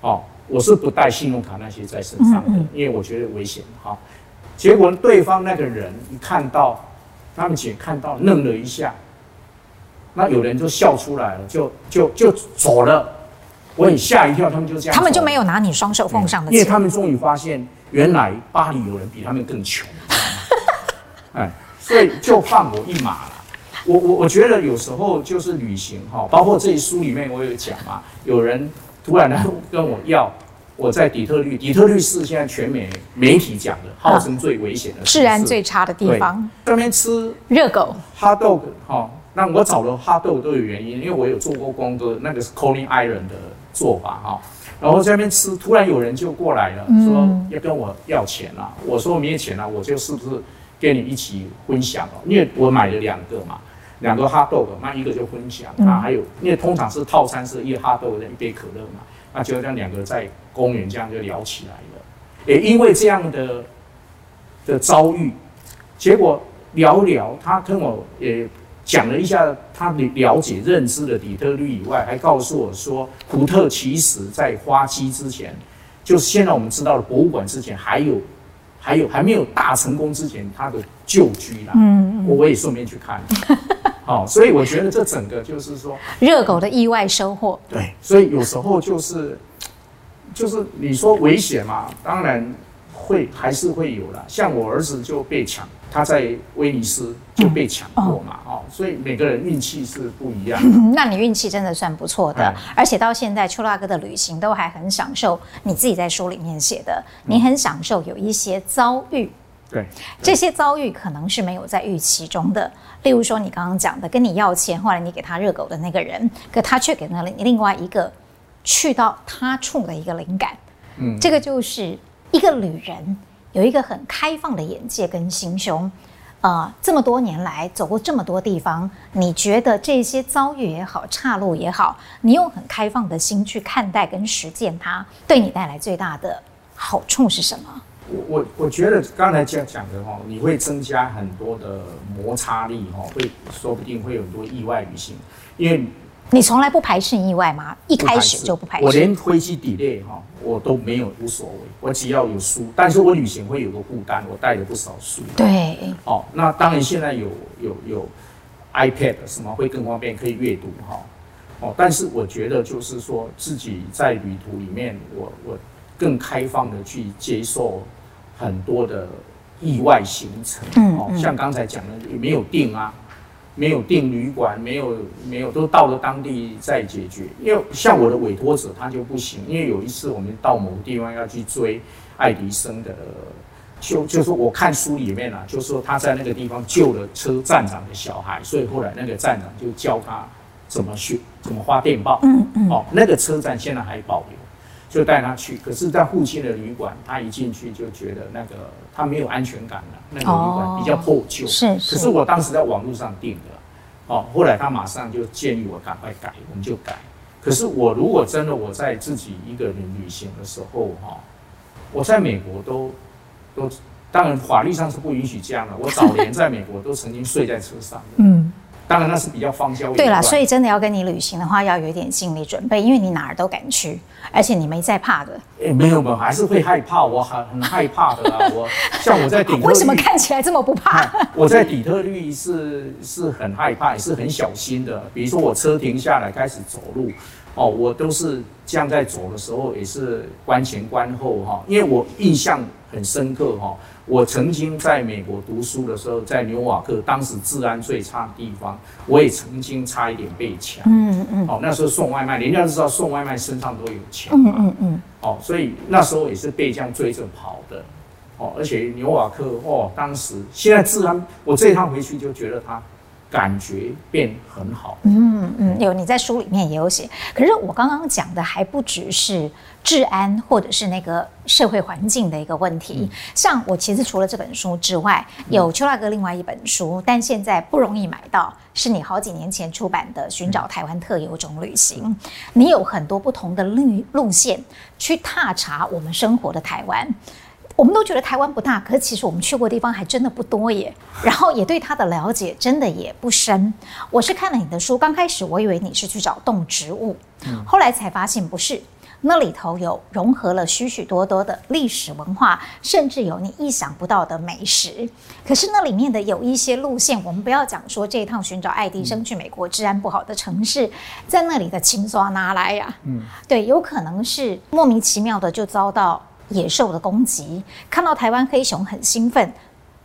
哦，我是不帶信用卡那些在身上的嗯嗯，因為我覺得危險。哈、哦，結果對方那個人一看到他們姐看到愣了一下。那有人就笑出來了，就就就走了，我也嚇一跳，他們就這樣。他們就沒有拿你雙手奉上的錢，因為他們終於發現，原來巴黎有人比他們更窮，哎、 嗯，所以就放我一馬了。我我我覺得有時候就是旅行哈，包括這一書裡面我有講嘛，有人突然的跟我要，我在底特律，底特律是現在全美媒體講的號稱最危險的事，治安最差的地方，專門吃熱狗 hot dog。哈、哦。那我找了哈豆都有原因，因為我有做過功課，那個是 Coney Island 的做法哈。然後在那邊吃，突然有人就過來了，說要跟我要錢、啊、我說沒錢、啊、我就是不是跟你一起分享哦、啊？因為我買了兩個嘛，兩個哈豆的，那一個就分享啊。嗯、還有，因為通常是套餐是一個哈豆跟一杯可樂嘛，那就這樣兩個在公園這樣就聊起來了。也因為這樣的的遭遇，結果聊聊，他跟我也。講了一下他的了解認知的底特律以外，還告訴我說，福特其實在花期之前，就是現在我們知道的博物館之前，還有，還有還沒有大成功之前，他的舊居啦。嗯嗯，我我也順便去看了。好、 哦，所以我覺得這整個就是說，熱狗的意外收穫。對，所以有時候就是，就是你說危險嘛，當然。會還是會有的，像我兒子就被搶，他在威尼斯就被搶過嘛，嗯嗯、哦，所以每個人運氣是不一樣的。 那你運氣真的算不錯的，哎、而且到現在邱大哥的旅行都還很享受。你自己在書裡面寫的，嗯、你很享受有一些遭遇對，對，這些遭遇可能是沒有在預期中的。例如說你剛剛講的，跟你要錢，後來你給他熱狗的那個人，可他卻給了你另外一個去到他處的一個靈感。嗯，這個就是。一個旅人有一個很開放的眼界、跟心胸，呃，這麼多年來走過這麼多地方，你覺得這些遭遇也好，岔路也好，你用很開放的心去看待跟實踐它，對你帶來最大的好處是什麼？我我我覺得剛才這樣講的話，你會增加很多的摩擦力，哈，會說不定會有很多意外旅行，因為。你從來不排斥意外嗎？一開始就不排斥，我連飛機 delay 哈，我都沒有無所謂，我只要有書。但是我旅行會有個負擔，我帶了不少書。對，哦，那當然現在有有有 iPad 什麼會更方便，可以閱讀哈。哦，但是我覺得就是說，自己在旅途裡面，我我更開放的去接受很多的意外行程。嗯，嗯，哦，像剛才講的，沒有訂啊。沒有訂旅館，沒有沒有，都到了當地再解決。因為像我的委托者他就不行，因為有一次我們到某個地方要去追愛迪生的，就就是我看書裡面啊，就是說他在那個地方救了車站長的小孩，所以後來那個站長就教他怎麼去怎麼發電報。嗯嗯，哦，那個車站現在還保留，就帶他去。可是，在附近的旅館，他一進去就覺得那個。他沒有安全感了，那個旅館比較破舊。哦。是是。可是我當時在網絡上訂的，哦，後來他馬上就建議我趕快改，我們就改。可是我如果真的我在自己一個人旅行的時候，哈，我在美國都都，當然法律上是不允許這樣的。我早年在美國都曾經睡在車上。嗯。當然那是比較放鬆。對啦，所以真的要跟你旅行的話，要有一點心理準備，因為你哪兒都敢去，而且你沒在怕的。誒、欸，沒有沒有，還是會害怕，我很很害怕的啦。 我像我在底特。為什麼看起來這麼不怕？啊、我在底特律是是很害怕，是很小心的。比如說我車停下來，開始走路。哦，我都是這樣在走的時候，也是觀前觀後，哈、哦，因為我印象很深刻哈、哦。我曾經在美國讀書的時候，在紐瓦克，當時治安最差的地方，我也曾經差一點被搶。嗯嗯。哦，那時候送外賣，人家知道送外賣身上都有錢嘛。嗯嗯嗯。哦，所以那時候也是被這樣追着跑的。哦，而且紐瓦克哦，當時現在治安，我這一趟回去就覺得他。感覺變很好。嗯嗯，有你在書裡面也有寫。可是我剛剛講的還不只是治安，或者是那個社會環境的一個問題。嗯。像我其實除了這本書之外，有邱大哥另外一本書，嗯，但現在不容易買到，是你好幾年前出版的《尋找台灣特有種旅行》。嗯。你有很多不同的路路線去踏查我們生活的台灣。我們都覺得台灣不大，可其實我們去過的地方還真的不多耶。然後也對它的了解真的也不深。我是看了你的書，剛開始我以為你是去找動植物，嗯，後來才發現不是。那裡頭有融合了許許多多的歷史文化，甚至有你意想不到的美食。可是那裡面的有一些路線，我們不要講說這一趟尋找愛迪生去美國治安不好的城市，嗯，在那裡的輕刷拿來呀，啊，嗯，對，有可能是莫名其妙的就遭到野獸的攻擊，看到台灣黑熊很興奮，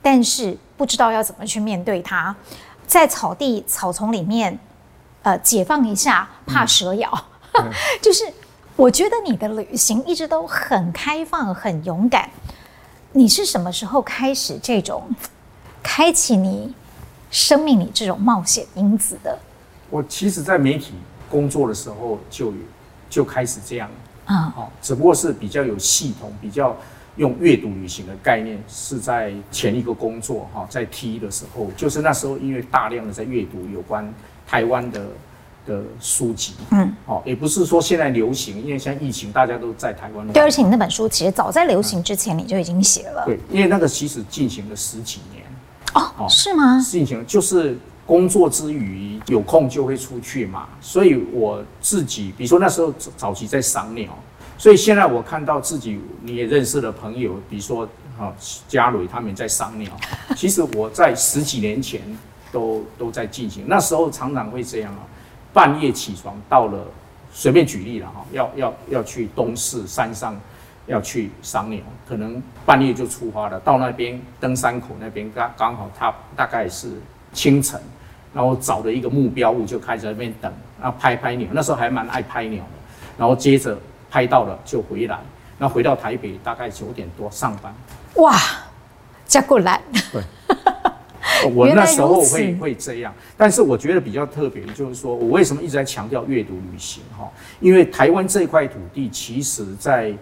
但是不知道要怎麼去面對它，在草地草叢裡面，呃，解放一下，怕蛇咬，嗯、 就是我覺得你的旅行一直都很開放、很勇敢。你是什麼時候開始這種開啟你生命裡這種冒險因子的？我其實在媒體工作的時候就就開始這樣。啊、嗯，只不過是比較有系統，比較用閱讀旅行的概念，是在前一個工作哈，在 T 一的時候，就是那時候因為大量的在閱讀有關台灣的的書籍，嗯，好，也不是說現在流行，因為現在疫情，大家都在台灣。對，而且你那本書其實早在流行之前你就已經寫了。嗯，對，因為那個其實進行了十幾年，哦，哦是嗎？進行了就是。工作之餘有空就會出去嘛，所以我自己，比如說那時候早期在賞鳥，所以現在我看到自己你也認識的朋友，比如說哈嘉蕊他們在賞鳥，其實我在十幾年前都都在進行，那時候常常會這樣啊，半夜起床到了，隨便舉例了哈，要要要去東勢山上要去賞鳥，可能半夜就出發了，到那邊登山口那邊剛剛好它大概是清晨。然後找了一個目標物，就開始在那邊等，那拍拍鳥。那時候還蠻愛拍鳥的，然後接着拍到了就回來。那回到台北大概九點多上班，哇，加過來。對 來，我那時候會會這樣，但是我覺得比較特別的，就是說我為什麼一直在強調閱讀旅行哈？因為台灣這塊土地，其實在。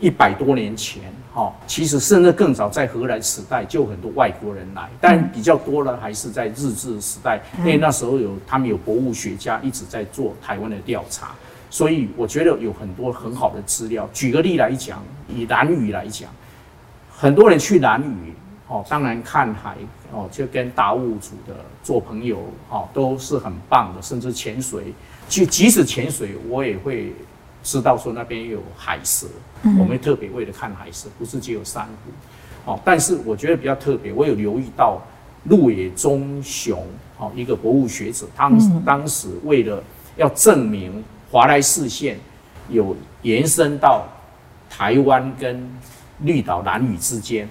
一百多年前，哈，其實甚至更早，在荷蘭時代就很多外國人來，但比較多的還是在日治時代，因為那時候有他們有博物學家一直在做台灣的調查，所以我覺得有很多很好的資料。舉個例來講，以蘭嶼來講，很多人去蘭嶼，哦，當然看海，哦，就跟達悟族的做朋友，哦，都是很棒的。甚至潛水，就即使潛水，我也會。是，道說那邊有海蛇，嗯、我們特別為了看海蛇，不是只有珊瑚，哦，但是我覺得比較特別，我有留意到，路野中雄、哦，一個博物學者，他們當時為了要證明華萊士線有延伸到台灣跟綠島南嶼之間，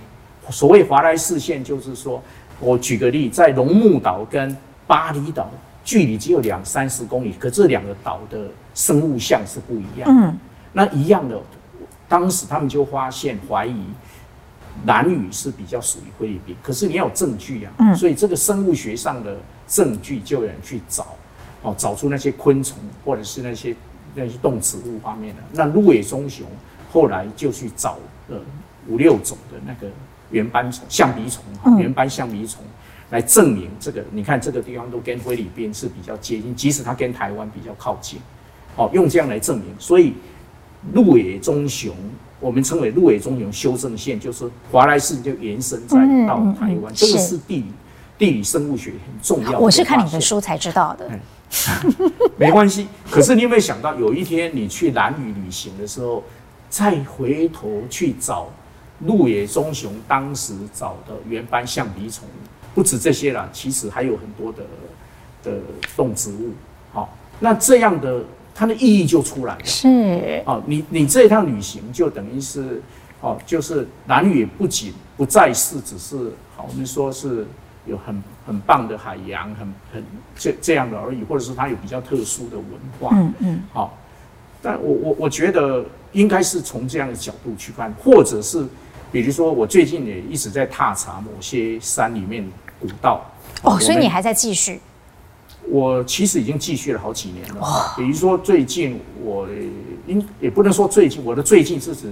所謂華萊士線就是說，我舉個例，在龍目島跟巴厘島距離只有兩三十公里，可這兩個島的。生物相是不一樣，嗯，那一樣的，當時他們就發現懷疑蘭嶼是比較屬於菲律賓，可是你要有證據啊、嗯，所以這個生物學上的證據就有人去找，哦，找出那些昆蟲或者是那些那些動植物方面的、啊。那鹿野忠雄後來就去找呃五六種的那個圓斑蟲、象鼻蟲，嗯，圓斑象鼻蟲來證明這個。你看這個地方都跟菲律賓是比較接近，即使它跟台灣比較靠近。哦，用這樣來證明，所以鹿野忠雄，我們稱為鹿野忠雄修正線，就是華萊士就延伸在到台灣，這、嗯、個、嗯、是，是地理地理生物學很重要的。我是看你的書才知道的，嗯、 沒關係。可是你有沒有想到，有一天你去蘭嶼旅行的時候，再回頭去找鹿野忠雄當時找的原班象鼻蟲，不止這些了，其實還有很多的的動植物。好、哦，那這樣的。它的意義就出來了。是，哦、啊，你你這一趟旅行就等於是，哦、啊，就是南嶼不僅不再是只是，我們說是有很很棒的海洋，很很這這樣的而已，或者是它有比較特殊的文化。嗯嗯。好、啊，但我我我覺得應該是從這樣的角度去看，或者是比如說我最近也一直在踏查某些山裡面古道。哦，啊、所以你還在繼續。我其實已經繼續了好幾年了。比如說最近我，應也不能說最近，我的最近，就是指，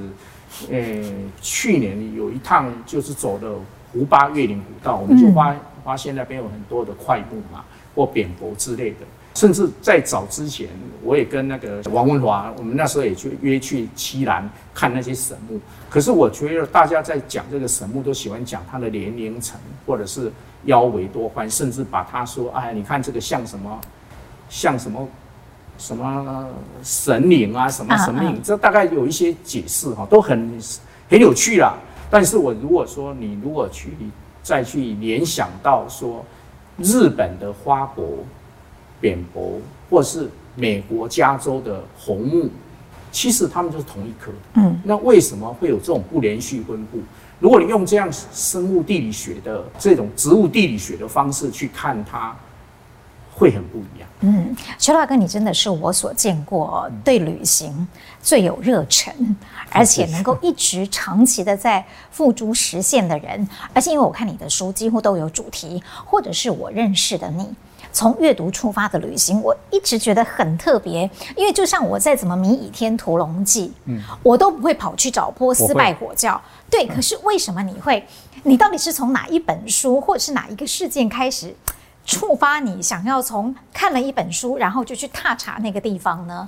呃，去年有一趟就是走的湖巴越嶺古道，我們就發發現那邊有很多的檜木嘛，或扁柏之類的。甚至在早之前，我也跟那個王文華，我們那時候也去約去西蘭看那些神木。可是我覺得大家在講這個神木，都喜歡講它的年齡層，或者是腰圍多寬，甚至把他說：“哎，你看這個像什麼，像什麼，什麼神靈啊，什麼神靈？”這大概有一些解釋哈，都很很有趣啦，但是我如果說你如果去再去聯想到說日本的花博、扁博，或是美國加州的紅木。其實它們就是同一科。嗯，那為什麼會有這種不連續分佈？如果你用這樣生物地理學的這種植物地理學的方式去看它，會很不一樣。嗯，邱大哥，你真的是我所見過對旅行最有熱忱，而且能夠一直長期的在付諸實現的人。而且因為我看你的書，幾乎都有主題，或者是我認識的你。從閱讀出發的旅行，我一直覺得很特別，因為就像我再怎麼迷《倚天屠龍記》，嗯，我都不會跑去找波斯拜火教。對，可是為什麼你會、嗯？你到底是從哪一本書，或者是哪一個事件開始觸發你想要從看了一本書，然後就去踏查那個地方呢？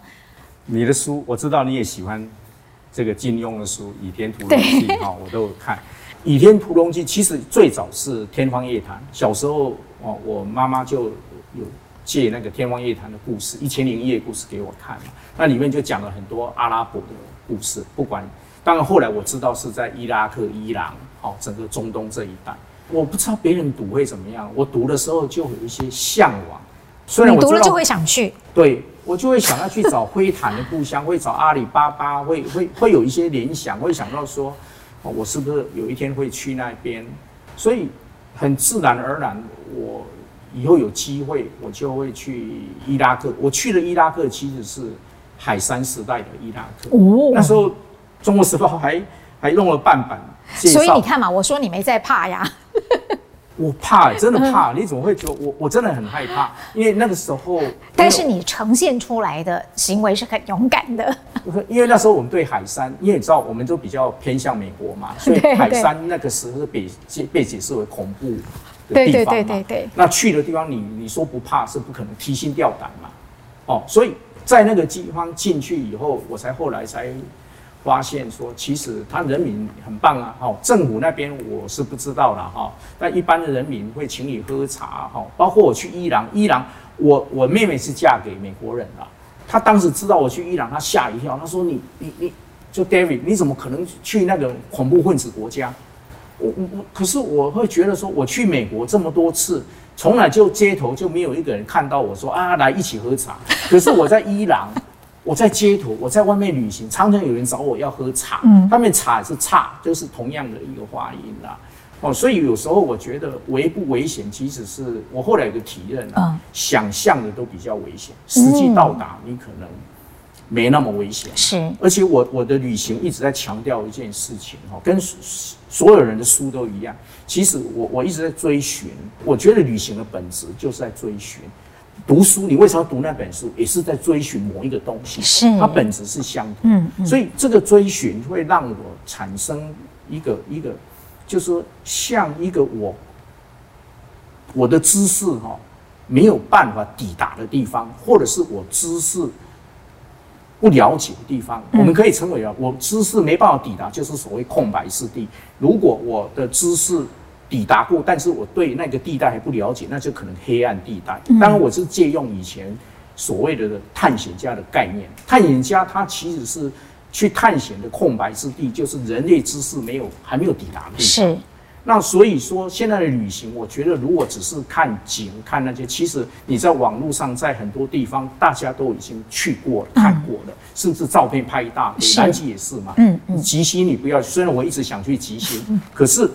你的書我知道，你也喜歡這個金庸的書，《倚天屠龍記》啊，哦，我都有看。 《倚天屠龍記》其實最早是《天方夜譚》，小時候哦，我媽媽就。有借那個《天方夜譚》的故事，《一千零一夜》故事給我看嘛，那裡面就講了很多阿拉伯的故事。不管，當然後來我知道是在伊拉克、伊朗，好、哦，整個中東這一帶。我不知道別人讀會怎麼樣，我讀的時候就有一些向往，雖然我。你讀了就會想去。對，我就會想要去找灰坦的故鄉， 會找阿里巴巴，會會會有一些聯想，會想到說、哦，我是不是有一天會去那邊？所以，很自然而然我。以後有機會，我就會去伊拉克。我去的伊拉克，其實是海山時代的伊拉克。哦，那時候中國時報還還弄了半版介紹。所以你看嘛，我說你沒在怕呀。 我怕、欸，真的怕。嗯、你怎麼會覺得我我真的很害怕？因為那個時候。但是你呈現出來的行為是很勇敢的。因為那時候我們對海山，因為你知道，我們都比較偏向美國嘛，所以海山那個時候是被被解釋為恐怖。對，對對對對對，那去的地方你你說不怕是不可能，提心吊膽嘛，哦，所以在那個地方進去以後，我才後來才發現說，其實他人民很棒啊，哦，政府那邊我是不知道了哈、哦，但一般的人民會請你喝茶哈、哦，包括我去伊朗，伊朗我我妹妹是嫁給美國人了，她當時知道我去伊朗，她嚇一跳，她說你你你就 David，你怎麼可能去那個恐怖分子國家？我我我，可是我會覺得說，我去美國這麼多次，從來就街頭就沒有一個人看到我說啊，來一起喝茶。可是我在伊朗， 我在街頭，我在外面旅行，常常有人找我要喝茶。嗯，他們茶是差，就是同樣的一個話音啦。哦，所以有時候我覺得危不危險，其實是我後來有個體認啊，嗯、想象的都比較危險，實際到達你可能沒那麼危險。是、嗯，而且我我的旅行一直在強調一件事情哈、哦，跟屬。所有人的書都一樣。其實我我一直在追尋，我覺得旅行的本質就是在追尋。讀書，你為什麼要讀那本書？也是在追尋某一個東西。是，它本質是相同。嗯嗯。所以這個追尋會讓我產生一個一個，就是說像一個我，我的知識哈沒有辦法抵達的地方，或者是我知識。不了解的地方，嗯、我們可以稱為啊，我知識沒辦法抵達，就是所謂空白之地。如果我的知識抵達過，但是我對那個地帶還不了解，那就可能黑暗地帶，嗯。當然，我是借用以前所謂的探險家的概念，探險家他其實是去探險的空白之地，就是人類知識沒有還沒有抵達的地方。是。那所以說，現在的旅行，我覺得如果只是看景、看那些，其實你在網絡上，在很多地方，大家都已經去過了、看過了，嗯、甚至照片拍一大堆，南極也是嘛。是嗯嗯。極星你不要，雖然我一直想去極星、嗯，可是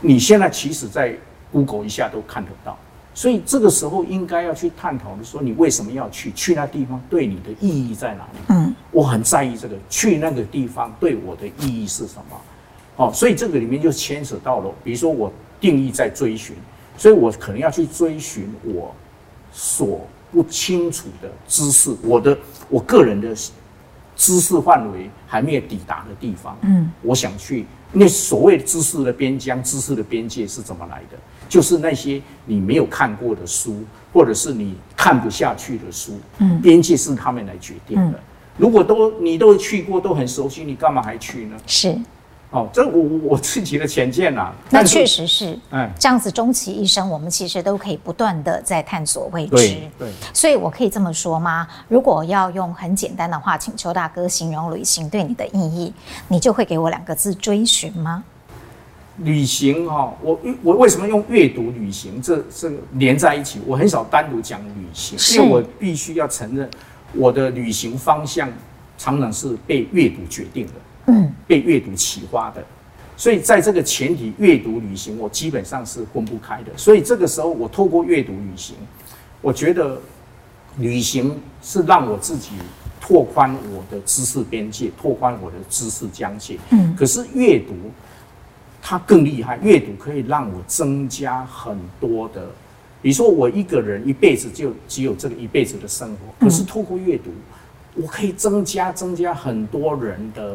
你現在其實在 Google 一下都看得到，所以這個時候應該要去探討的，說你為什麼要去？去那地方對你的意義在哪裡？嗯，我很在意這個，去那個地方對我的意義是什麼？哦，所以這個裡面就牽扯到了，比如說我定義在追尋，所以我可能要去追尋我所不清楚的知識，我的我個人的知識範圍還沒有抵達的地方。嗯，我想去那所謂知識的邊疆，知識的邊界是怎麼來的？就是那些你沒有看過的書，或者是你看不下去的書。嗯，邊界是他們來決定的。嗯。如果都你都去過，都很熟悉，你幹嘛還去呢？是。哦，這我我我自己的淺見啊，那確實是，嗯，這樣子終其一生，我們其實都可以不斷地在探索未知。對，對。所以我可以這麼說嗎？如果要用很簡單的話，請邱大哥形容旅行對你的意義，你就會給我兩個字：追尋嗎？旅行哈，我我為什麼用閱讀旅行？這這連在一起，我很少單獨講旅行，是因為我必須要承認，我的旅行方向常常是被閱讀決定的。嗯、被閱讀啟發的，所以在這個前提，閱讀旅行我基本上是分不開的。所以這個時候，我透過閱讀旅行，我覺得旅行是讓我自己拓寬我的知識邊界，拓寬我的知識疆界。嗯，可是閱讀它更厲害，閱讀可以讓我增加很多的。比如說我一個人一輩子就只有這個一輩子的生活，嗯、可是透過閱讀，我可以增加增加很多人的。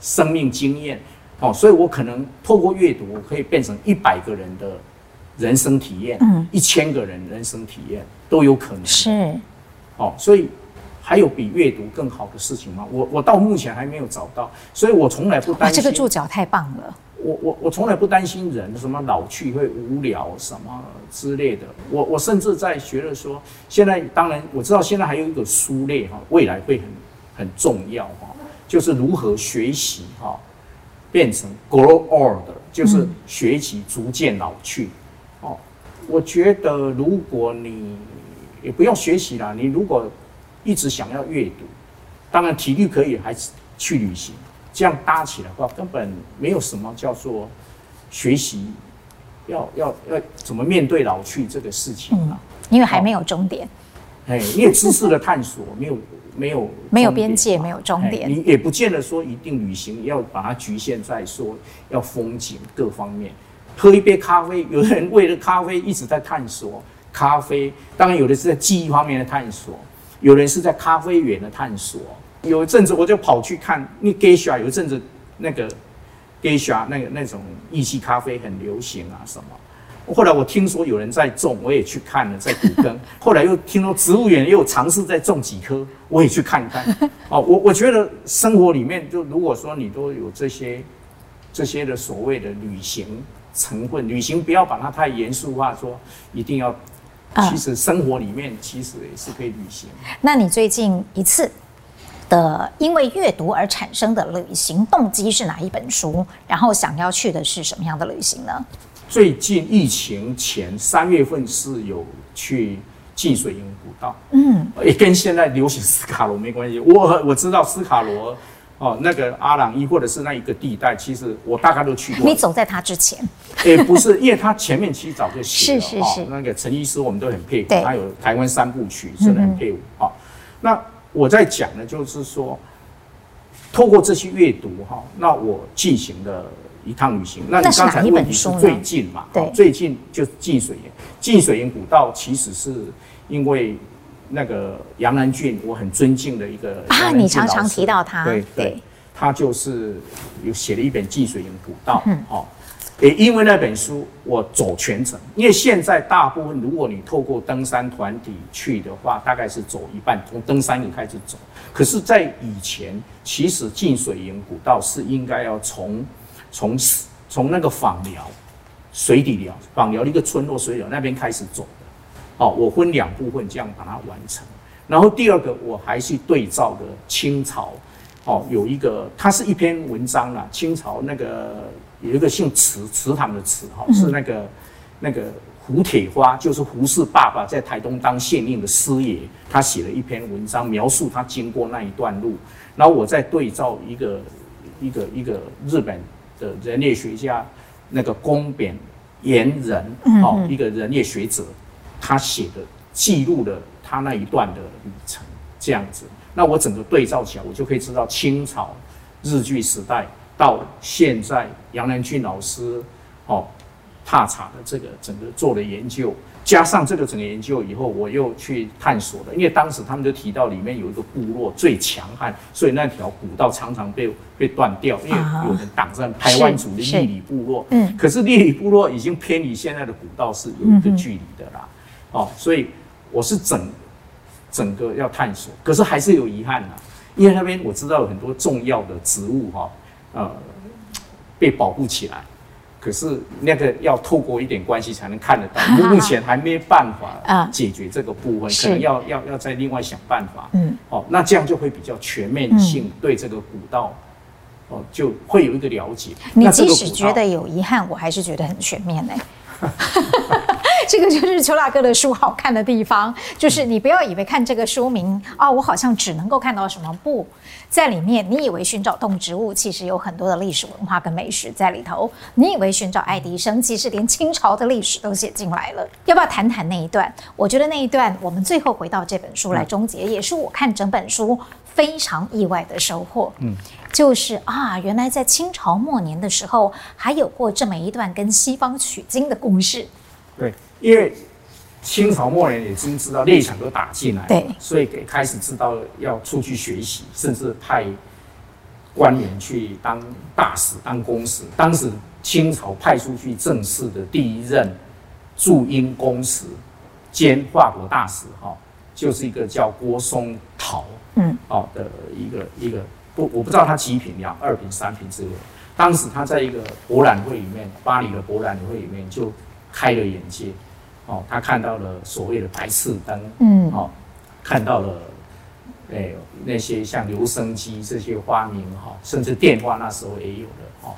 生命經驗，哦，所以我可能透過閱讀，可以變成一百個人的人生體驗，嗯，一千個人的人生體驗都有可能。是，哦，所以還有比閱讀更好的事情嗎？我我到目前還沒有找到，所以我從來不擔心、啊。這個註腳太棒了。我我我從來不擔心人什麼老去會無聊什麼之類的。我我甚至在覺得說，現在當然我知道現在還有一個書類哈，未來會很很重要哈。就是如何學習哈、哦，變成 grow old，就是學習逐漸老去、嗯，哦，我覺得如果你也不用學習啦，你如果一直想要閱讀，當然體力可以，還是去旅行，這樣搭起來的話，根本沒有什麼叫做學習，要要要怎麼面對老去這個事情啊、嗯哦？因為還沒有終點，哎，因為知識的探索 沒有。沒有，沒有邊界，沒有終點。你也不見得說一定旅行要把它局限在說要風景各方面。喝一杯咖啡，有人為了咖啡一直在探索咖啡。當然，有的是在記憶方面的探索，有人是在咖啡園的探索。有一陣子我就跑去看那 geisha，有一陣子那個 geisha 那個那種意式咖啡很流行啊，什麼。後來我聽說有人在種，我也去看了，在補根。後來又聽說植物園又嘗試在種幾棵，我也去看一看。哦，我我覺得生活裡面，就如果說你都有這些這些的所謂的旅行成分，旅行不要把它太嚴肅化說，說一定要。其實生活裡面其實也是可以旅行。呃，那你最近一次的因為閱讀而產生的旅行動機是哪一本書？然後想要去的是什麼樣的旅行呢？最近疫情前三月份是有去浸水營古道，嗯，也跟現在流行斯卡羅沒關係。我我知道斯卡羅，哦，那個阿朗壹，或者是那一個地帶，其實我大概都去過。你總在他之前，也、 欸、不是，因為他前面其實早就寫了啊、哦。那個陳醫師我們都很佩服，他有台灣三部曲，真的很佩服啊。那我在講的就是說，透過這些閱讀哈、哦，那我進行的。一趟旅行，那你剛才問題是最近嘛？對，最近就是進水營，進水營古道其實是因為那個楊南郡，我很尊敬的一個那、啊、你常常提到他，對對，對，他就是有寫了一本《進水營古道》。嗯，好，也因為那本書，我走全程。因為現在大部分如果你透過登山團體去的話，大概是走一半，從登山點開始走。可是，在以前，其實進水營古道是應該要從從從那個枋寮、水底寮枋寮的一個村落水底寮那邊開始走的。哦，我分兩部分這樣把它完成。然後第二個我還是對照的清朝，哦，有一個它是一篇文章啦，清朝那個有一個姓池，池塘的池哈，哦，是那個那個胡鐵花，就是胡適爸爸在台東當縣令的師爺，他寫了一篇文章描述他經過那一段路，然後我再對照一個一個一個，一個日本。的人類學家，那個公扁言人，哦、嗯嗯，一個人類學者，他寫的記錄了他那一段的旅程，這樣子，那我整個對照起來，我就可以知道清朝、日據時代到現在，楊南郡老師，哦，踏查的這個整個做的研究。加上這個整個研究以後，我又去探索了。因為當時他們就提到裡面有一個部落最強悍，所以那條古道常常被被斷掉，因為有人擋在台灣族的利里部落。嗯、uh -huh.，可是利里部落已經偏離現在的古道是有一個距離的啦。Uh -huh. 哦，所以我是整整個要探索，可是還是有遺憾吶。因為那邊我知道有很多重要的植物哈，呃，被保護起來。可是那個要透過一點關係才能看得到，目前還沒辦法解決這個部分，可能要要要再另外想辦法。嗯，哦，那這樣就會比較全面性對這個古道，就會有一個了解。你即使覺得有遺憾，我還是覺得很全面呢。 這個就是邱大哥的書好看的地方，就是你不要以為看這個書名啊，我好像只能夠看到什麼不在裡面。你以為尋找動植物，其實有很多的歷史文化跟美食在裡頭。你以為尋找愛迪生，其實連清朝的歷史都寫進來了。要不要談談那一段？我覺得那一段，我們最後回到這本書來終結，嗯、也是我看整本書非常意外的收穫。嗯，就是啊，原來在清朝末年的時候，還有過這麼一段跟西方取經的故事。對。因為清朝末年已經知道列強都打進來，對，所以給開始知道要出去學習，甚至派官員去當大使、當公使。當時清朝派出去正式的第一任駐英公使兼法國大使，哈、哦，就是一個叫郭嵩燾、哦，嗯，哦的一個一個不，我不知道他幾品呀，二品、三品之類。當時他在一個博覽會裡面，巴黎的博覽會裡面就開了眼界。哦，他看到了所謂的白熾燈、哦，嗯，哦，看到了，哎、欸，那些像留聲機這些發明，哈，甚至電話那時候也有的。哦，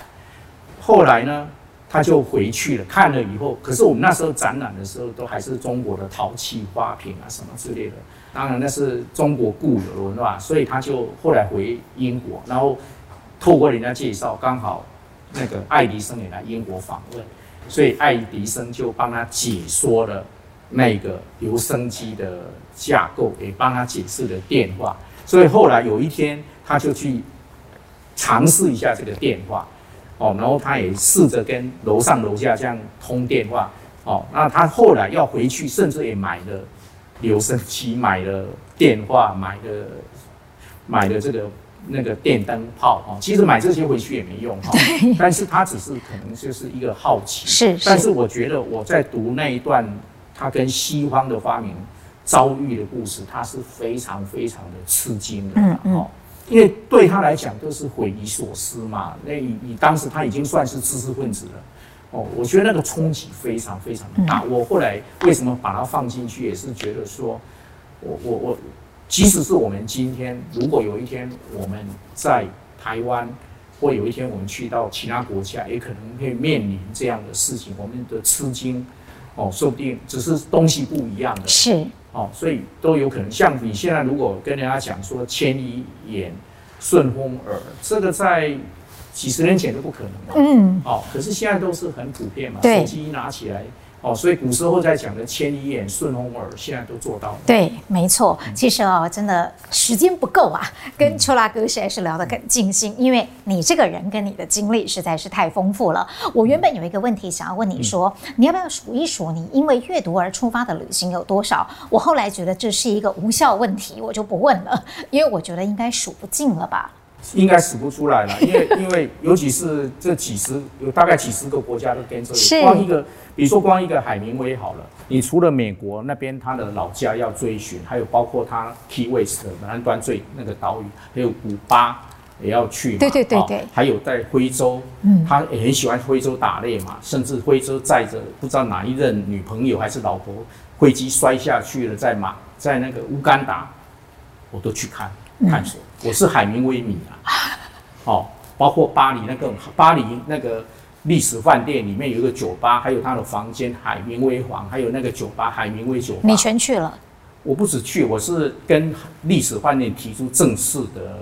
後來呢，他就回去了，看了以後，可是我們那時候展覽的時候都還是中國的陶器花瓶啊什麼之類的，當然那是中國固有的，對吧？所以他就後來回英國，然後透過人家介紹，剛好那個愛迪生也來英國訪問。所以愛迪生就幫他解說了那個留聲機的架構，也幫他解釋了電話。所以後來有一天，他就去嘗試一下這個電話，哦，然後他也試着跟樓上樓下這樣通電話，哦，那他後來要回去，甚至也買了留聲機，買了電話，買了買了這個。那個電燈泡其實買這些回去也沒用哈。對。但是他只是可能就是一個好奇。是。但是我覺得我在讀那一段，他跟西方的發明遭遇的故事，他是非常非常的吃驚的。嗯嗯。因為對他來講都是匪夷所思嘛。那，你當時他已經算是知識分子了。哦，我覺得那個衝擊非常非常的大。嗯。我後來為什麼把它放進去，也是覺得說，我我我。我即使是我們今天，如果有一天我們在台灣，或有一天我們去到其他國家，也可能會面臨這樣的事情，我們的吃驚，哦，說不定只是東西不一樣的，是哦，所以都有可能。像你現在如果跟人家講說千里眼、順風耳，這個在幾十年前都不可能的。嗯。哦，可是現在都是很普遍嘛。對。手機一拿起來。哦、oh，所以古時候在講的千里眼、順風耳，現在都做到了。對，沒錯。嗯、其實哦，真的時間不夠啊，跟邱拉哥實在是聊得很盡興，嗯，因為你這個人跟你的經歷實在是太豐富了。我原本有一個問題想要問你說，說、嗯、你要不要數一數你因為閱讀而出發的旅行有多少？我後來覺得這是一個無效問題，我就不問了，因為我覺得應該數不盡了吧。應該數不出來了，因為因為尤其是這幾十有大概幾十個國家，都跟着，光一個，比如說光一個海明威好了，你除了美國那邊他的老家要追尋，還有包括他 Key West 的南端最那個島嶼，還有古巴也要去嘛。對對對對、哦，還有在非洲，他也很喜歡非洲打獵嘛，甚至非洲載着不知道哪一任女朋友還是老婆飛機摔下去了，在馬在那個烏干達，我都去看探索。看我是海明威迷啊，哦，包括巴黎那個巴黎那個歷史飯店裡面有一個酒吧，還有他的房間海明威房，還有那個酒吧海明威酒吧，你全去了？我不只去，我是跟歷史飯店提出正式的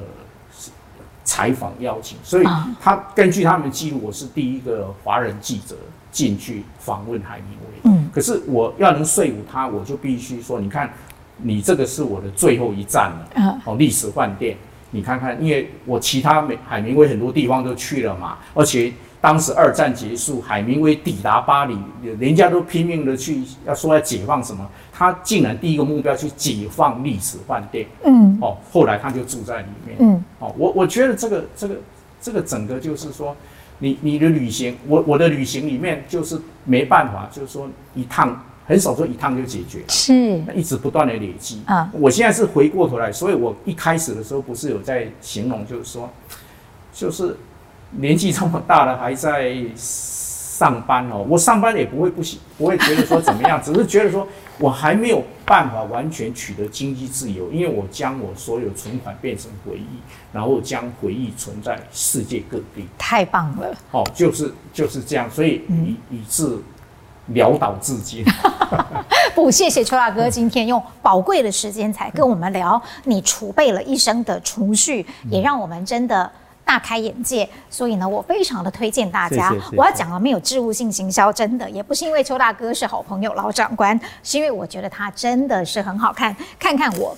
採訪邀請，所以他根據他們的記錄，我是第一個華人記者進去訪問海明威。嗯，可是我要能說服他，我就必須說，你看，你這個是我的最後一站了。哦，歷史飯店。你看看，因為我其他美海明威很多地方都去了嘛，而且當時二戰結束，海明威抵達巴黎，人家都拼命地去要說要解放什麼，他竟然第一個目標去解放歷史飯店，嗯，哦，後來他就住在裡面，嗯，哦，我我覺得這個這個這個整個就是說你，你你的旅行，我我的旅行裡面就是沒辦法，就是說一趟。很少說一趟就解決了，是，一直不斷的累積。啊，我現在是回過頭來，所以我一開始的時候不是有在形容，就是說，就是年紀這麼大了還在上班哦。我上班也不會不行，不會覺得說怎麼樣， 只是覺得說我還沒有辦法完全取得經濟自由，因為我將我所有存款變成回憶，然後將回憶存在世界各地。太棒了，好、哦，就是就是這樣，所以以、嗯、以至潦倒至今。不，謝謝邱大哥， 今天用寶貴的時間才跟我們聊，你儲備了一生的儲蓄， 也讓我們真的大開眼界。嗯、所以呢，我非常的推薦大家。是是是是是，我要講了，沒有置入性行銷，真的也不是因為邱大哥是好朋友、老長官，是因為我覺得他真的是很好看。看看我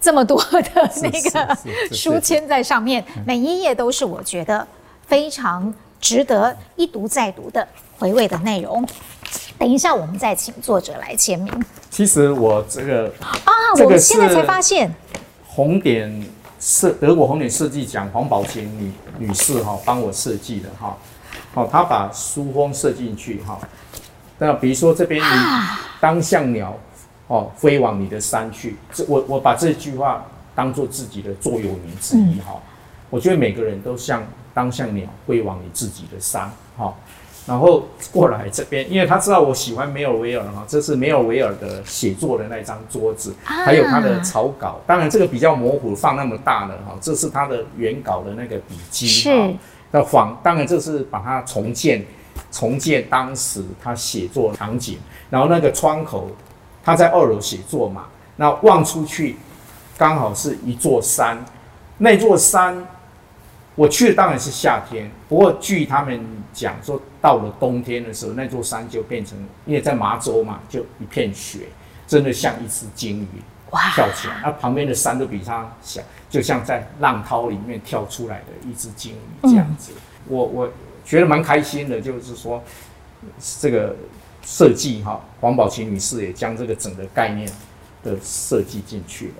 這麼多的那個書籤在上面，是是是是是是，每一頁都是我覺得非常值得一讀再讀的回味的內容。等一下，我們再請作者來簽名。其實我這個啊、這個，我現在才發現，紅點是德國紅點設計獎黃寶琴女女士哈、哦，幫我設計的哈。好、哦哦，她把書封設計進去哈、哦。那比如說，這邊你當像鳥、啊，哦，飛往你的山去。這我我把這句話當做自己的座右銘之一哈。我覺得每個人都像當像鳥飛往你自己的山哈。哦然後過來這邊，因為他知道我喜歡梅爾維爾嘛，這是梅爾維爾的寫作的那張桌子，啊，還有他的草稿。當然這個比較模糊，放那麼大了哈。這是他的原稿的那個筆記哈、哦。那仿，當然這是把它重建，重建當時他寫作場景。然後那個窗口，他在二樓寫作嘛，那望出去剛好是一座山，那座山。我去的當然是夏天，不過據他們講說，到了冬天的時候，那座山就變成，因為在麻州嘛，就一片雪，真的像一隻鯨魚跳起來，那、啊、旁邊的山都比它小，就像在浪濤裡面跳出來的一隻鯨魚這樣子。嗯、我我覺得蠻開心的，就是說這個設計哈，黃寶琴女士也將這個整個概念的設計進去了。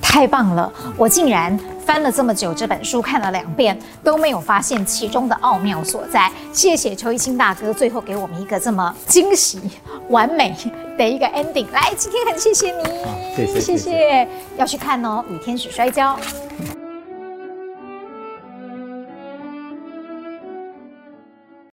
太棒了！我竟然翻了這麼久這本書，看了兩遍，都沒有發現其中的奧妙所在。謝謝邱一新大哥，最後給我們一個這麼驚喜、完美的一個 ending。來，今天很謝謝你，謝謝，謝，謝，謝謝，要去看哦，《與天使摔跤》嗯。